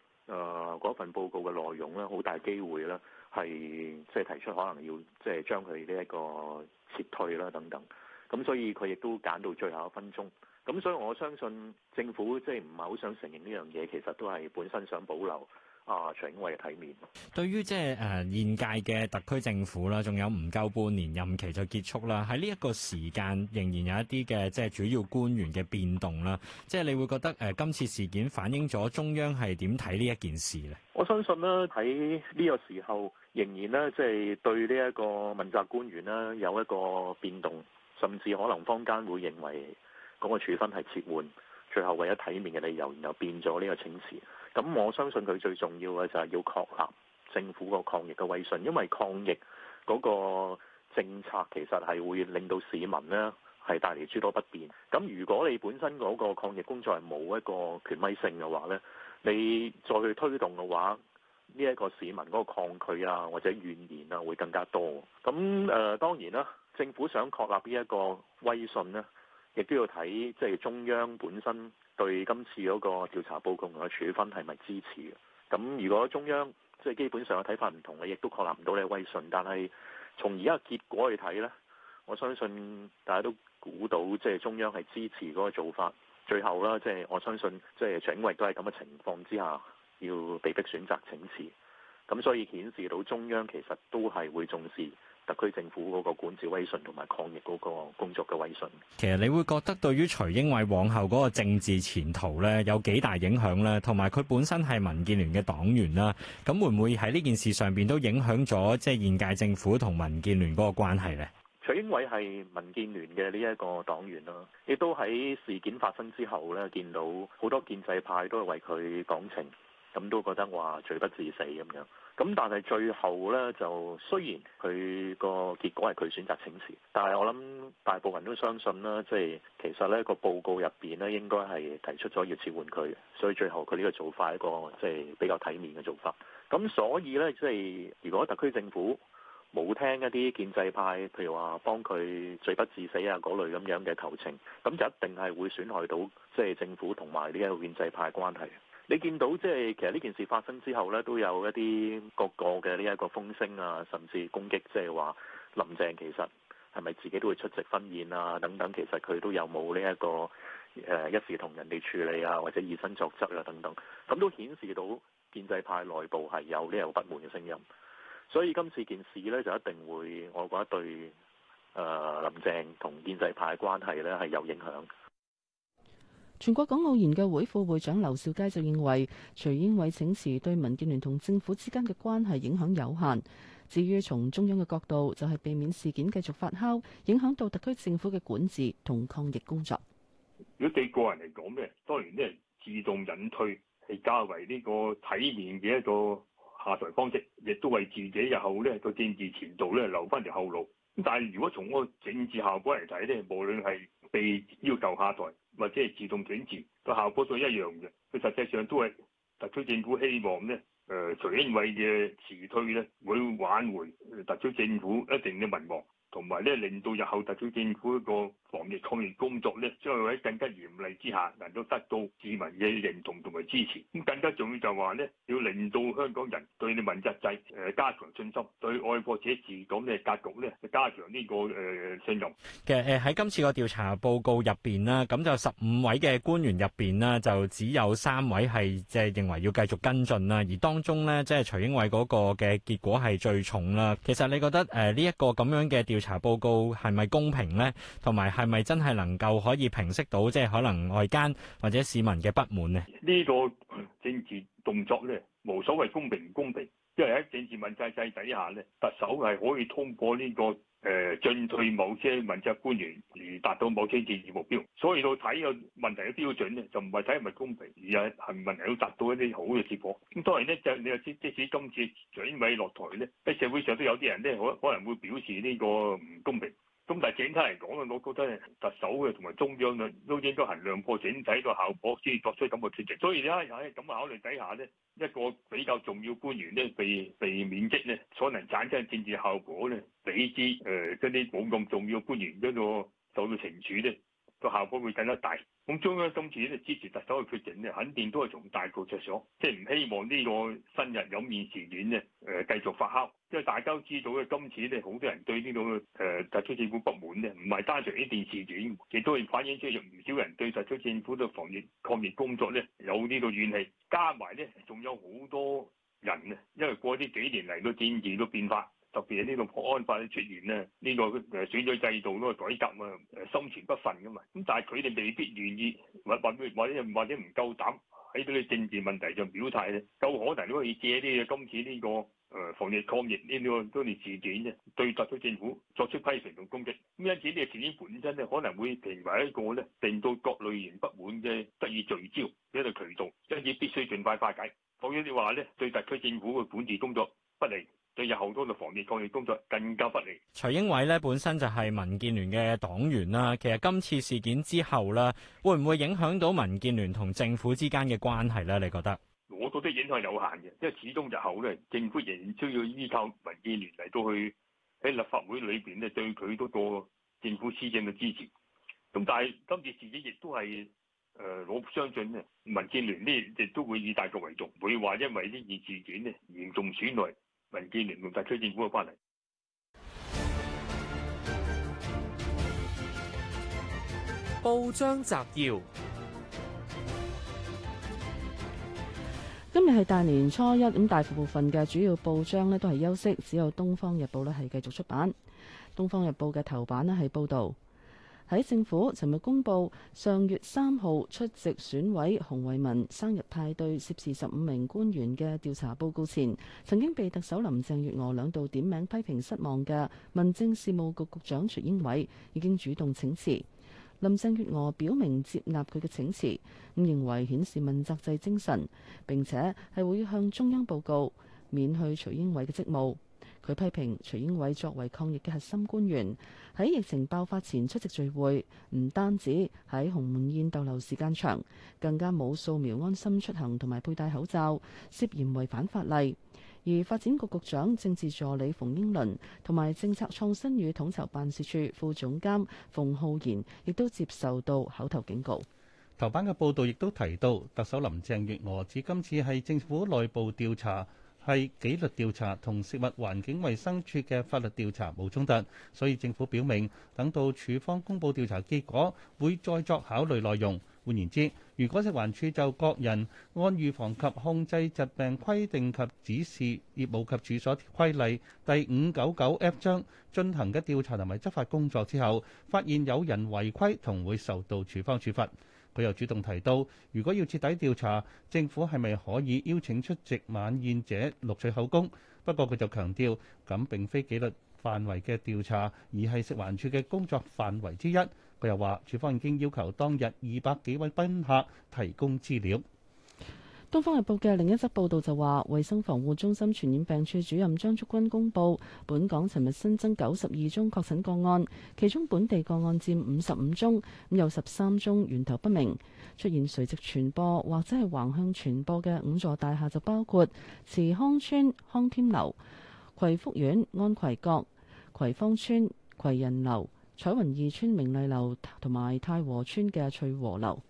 誒嗰、呃、份報告嘅內容咧，好大機會咧，係即係提出可能要即係將佢呢一個撤退啦等等，咁所以佢亦都揀到最後一分鐘，咁所以我相信政府即係唔係好想承認呢樣嘢，其實都係本身想保留。啊，維嘅體面。對於即係誒、呃、現屆嘅特區政府啦，仲有唔夠半年任期就結束啦。喺呢一個時間，仍然有一啲嘅即係主要官員嘅變動啦。即係你會覺得誒、呃、今次事件反映咗中央係點睇呢一件事呢？我相信咧，喺呢個時候仍然呢，即、就、係、是、對呢一個問責官員呢，有一個變動，甚至可能坊間會認為嗰個處分係撤換，最後為咗體面嘅理由，然後變咗呢個請辭。咁我相信佢最重要嘅就係要確立政府個抗疫嘅威信，因為抗疫嗰個政策其實，係會令到市民咧係帶嚟諸多不便。咁如果你本身嗰個抗疫工作係冇一個權威性嘅話，咧，你再去推動嘅話，呢、這、一個市民嗰個抗拒啊或者怨言啊會更加多。咁誒、呃，當然啦，政府想確立呢一個威信咧，亦都要睇即係中央本身。對今次嗰個調查報告同嘅處分係咪支持？咁如果中央即係基本上嘅睇法唔同，你亦都確立唔到你嘅威信。但係從而家結果去睇咧，我相信大家都估到，即係中央係支持嗰個做法。最後啦，即係我相信，即係整衞都係咁嘅情況之下要被逼選擇請辭，咁所以顯示到中央其實都係會重視特區政府嗰個管治威信同埋抗疫嗰個工作嘅威信，其實你會覺得對於徐英偉往後嗰個政治前途咧，有幾大影響咧？同埋佢本身係民建聯嘅黨員啦，咁會唔會喺呢件事上邊都影響咗即係現屆政府同民建聯嗰個關係咧？徐英偉係民建聯嘅呢一個黨員咯，亦都喺事件發生之後咧，見到好多建制派都係為佢講情，咁都覺得話，罪不至死咁樣。咁但係最後呢，就雖然佢個結果係佢選擇請辭，但係我諗大部分都相信啦，即係其實呢個報告入邊呢應該係提出咗要撤換佢，所以最後佢呢個做法一個即係比較體面嘅做法。咁所以呢，即係如果特區政府冇聽一啲建制派，譬如話幫佢罪不至死啊嗰類咁樣嘅求情，咁就一定係會損害到即係政府同埋呢一個建制派關係。你見到即係其實呢件事發生之後呢，都有一啲各個嘅呢一個風聲啊，甚至攻擊，即係話林鄭其實係咪自己都會出席婚宴啊等等。其實佢都有冇呢、這個呃、一個誒一視同仁地處理啊，或者以身作則啊等等，咁都顯示到建制派內部係有呢個不滿嘅聲音。所以今次件事呢，就一定會我覺得對誒、呃、林鄭同建制派關係呢係有影響。全國港澳研究會副會長劉兆佳就認為，徐英偉請辭對民建聯同政府之間嘅關係影響有限。至於從中央嘅角度，就係、是、避免事件繼續發酵，影響到特區政府嘅管治同抗疫工作。如果對個人嚟講，呢當然呢人自動引退係加為呢個體面嘅一個下台方式，亦都為自己日後呢個政治前途呢留翻條後路。但係如果從個政治效果嚟睇咧，無論係被要求下台或者係自動整治，個效果都係一樣嘅。佢實際上都係特區政府希望咧，誒、呃、徐英偉嘅辭退咧，會挽回特區政府一定嘅民望。同埋咧，令到日後特區政府一個防疫抗疫工作咧，將會喺更加嚴厲之下，能夠得到市民嘅認同同埋支持。咁更加重要就話咧，要令到香港人對你問責制誒加強信心，對愛國者治港嘅格局咧，加強呢個誒信用。其實誒喺今次個調查報告入邊啦，咁就十五位嘅官員入邊啦，就只有三位係即係認為要繼續跟進啦。而當中咧，即係徐英偉嗰個嘅結果係最重啦。其實你覺得誒呢一個咁樣嘅調調查報告係咪公平咧？同埋係咪真係能夠可以平息到即係可能外間或者市民嘅不滿咧？呢個政治動作咧，無所謂公平唔公平。因為喺政治問責制底下咧，特首係可以通過呢、這個誒進、呃、退某些問責官員而達到某些政治目標。所以到睇個問題嘅標準咧，就唔係睇係咪公平，而係係問題要達到一啲好嘅結果。咁當然咧就你又知，即使今次選委落台咧，喺社會上都有啲人咧可可能會表示呢個唔公平。咁但係整體嚟講咧，我覺得特首嘅同埋中央咧，都應該衡量過整體個效果先作出咁嘅決定。所以咧，喺咁嘅考慮底下呢，一個比較重要官員呢，被被免職呢，所能產生政治效果呢，比之誒啲冇咁重要官員嗰個受到懲處呢，個效果會更加大。咁中央今次咧支持特首嘅決定呢，肯定都係從大局著想，即係唔希望呢個新日有面事件呢誒繼續發酵。即係大家都知道咧，今次咧好多人對呢度誒特區政府不滿咧，唔係單著啲電視短，亦都係反映出嚟唔少人對特區政府嘅防疫抗疫工作咧有呢度怨氣。加埋咧，仲有好多人啊，因為過啲幾年嚟到政治嘅變化，特別係呢、這個《破案法》出現啊，呢、這個誒選舉制度都改革啊，誒心存不忿噶嘛。咁但係佢哋未必願意，或者或者或者或者唔夠膽喺到啲政治問題上表態咧，夠可能都可以借啲、這、嘅、個、今次呢、這個。誒防疫抗疫呢兩、這個當年事件嘅對特區政府作出批評同攻擊，咁因此呢個事件本身咧可能會成為一個咧令到各類型不滿嘅得以聚焦嘅一個渠道，因此必須盡快化解。否則的話咧，對特區政府嘅管治工作不利，對日後多度防疫抗疫工作更加不利。徐英偉咧本身就係民建聯嘅黨員啦，其實今次事件之後咧，會唔會影響到民建聯同政府之間嘅關係咧？你覺得？我覺得影響有限嘅，因為始終日後咧，政府仍然需要依靠民建聯嚟到去喺立法會裏邊咧對佢嗰個政府施政嘅支持。咁但係今次事件亦都係誒，我相信咧，民建聯呢亦都會以大局為重，唔會話因為呢件事件咧嚴重損害民建聯同特區政府嘅關係。報章摘要。今日係大年初一，咁大部分嘅主要報章咧都係休息，只有《東方日報》咧係繼續出版。《東方日報》嘅頭版咧係報導喺政府尋日公布上月三號出席選委洪為民生日派對涉事十五名官員嘅調查報告前，曾經被特首林鄭月娥兩度點名批評失望嘅民政事務局局長徐英偉已經主動請辭。林鄭月娥表明接納佢嘅請辭，咁認為顯示問責制精神，並且係會向中央報告免去徐英偉嘅職務。佢批評徐英偉作為抗疫嘅核心官員，喺疫情爆發前出席聚會，唔單止喺鴻門宴逗留時間長，更加冇掃描安心出行同埋佩戴口罩，涉嫌違反法例。而發展局局長政治助理馮英倫同埋政策創新與統籌辦事處副總監馮浩然，亦都接受到口頭警告。頭版嘅報導亦都提到，特首林鄭月娥指今次係政府內部調查，係紀律調查，同食物環境衞生署嘅法律調查冇衝突，所以政府表明等到署方公佈調查結果，會再作考慮內容。換言之，如果食環署就各人按預防及控制疾病規定及指示業務及處所規例第五九九 F 章進行嘅調查同埋執法工作之後，發現有人違規，同會受到處方處罰。佢又主動提到，如果要徹底調查，政府係咪可以邀請出席晚宴者錄取口供？不過佢就強調，咁並非紀律範圍嘅調查，而係食環署嘅工作範圍之一。佢又話，處方已經要求當日二百幾位賓客提供資料。《東方日報》嘅另一則報道就話，衞生防護中心傳染病處主任張竹君公布，本港尋日新增九十二宗確診個案，其中本地個案佔五十五宗，咁有十三宗源頭不明。出現垂直傳播或者係橫向傳播嘅五座大廈就包括慈康村康添樓、葵福苑、安葵閣、葵芳村葵仁樓、彩雲二村明麗樓同埋太和村嘅翠和樓。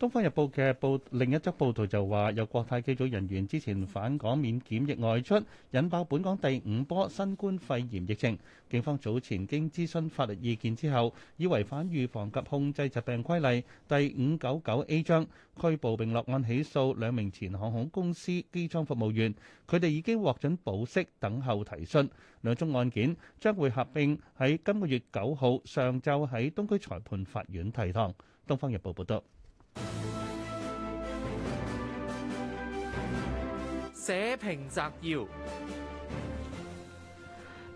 《東方日報，報》嘅報另一則報道就話，有國泰機組人員之前返港免檢疫外出，引爆本港第五波新冠肺炎疫情。警方早前經諮詢法律意見之後，以違反預防及控制疾病規例第五九九 A 章拘捕並落案起訴兩名前航空公司機艙服務員。佢哋已經獲准保釋等候提訊。兩宗案件將會合併喺今個月九號上晝喺東區裁判法院提堂。《東方日報》報道。社評摘要：《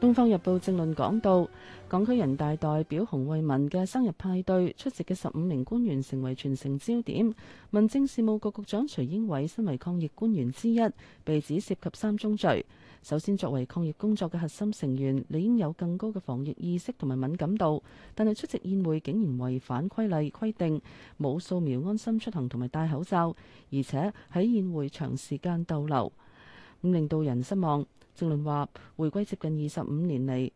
東方日報》正論講到，港區人大代表洪為民嘅生日派對出席嘅十五名官員成為全城焦點，民政事務局局長徐英偉身為抗疫官員之一，被指涉及三宗罪。首先，作為抗疫工作嘅核心成員，理應有更高嘅防疫意識同埋敏感度，但係出席宴會竟然違反規例規定，冇掃描安心出行同埋戴口罩，而且喺宴會長時間逗留，令到人失望。政論話，回歸接近二十五年嚟，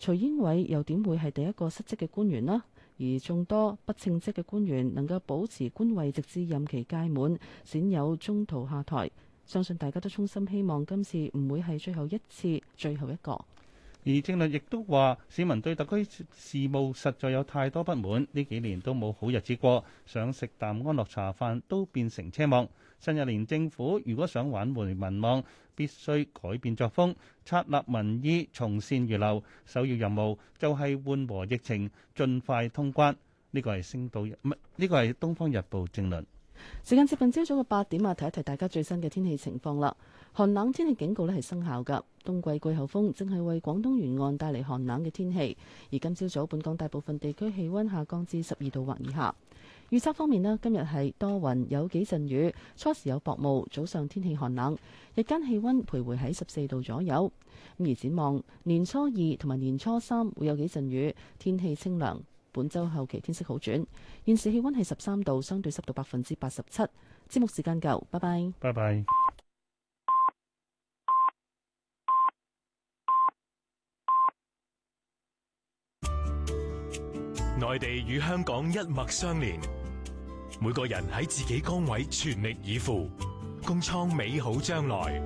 徐英偉又點會係第一個失職嘅官員呢？而眾多不稱職嘅官員能夠保持官位直至任期屆滿，鮮有中途下台。相信大家都衷心希望今次唔會係最後一次，最後一個。而政論亦都話，市民對特區事務實在有太多不滿，呢幾年都冇好日子過，想食啖安樂茶飯都變成奢望。新一年政府如果想挽回民望，必須改變作風，策立民意，從善如流。首要任務就係緩和疫情，盡快通關。呢個係星島，日，呢個係東方日報政論。時間接近朝早嘅八點啊，提一提大家最新嘅天氣情況啦。寒冷天氣警告咧係生效噶，冬季季候風正係為廣東沿岸帶嚟寒冷嘅天氣。而今朝早，本港大部分地區氣溫下降至十二度或以下。預測方面咧，今日係多雲，有幾陣雨，初時有薄霧，早上天氣寒冷，日間氣溫徘徊喺十四度左右。咁而展望，年初二同埋年初三會有幾陣雨，天氣清涼。本周後期天色好轉，現時氣溫係十三度，相對濕度百分之八十七。節目時間夠，拜拜。拜拜 內地與香港一脈相連，每個人喺自己崗位全力以赴，共創美好將來。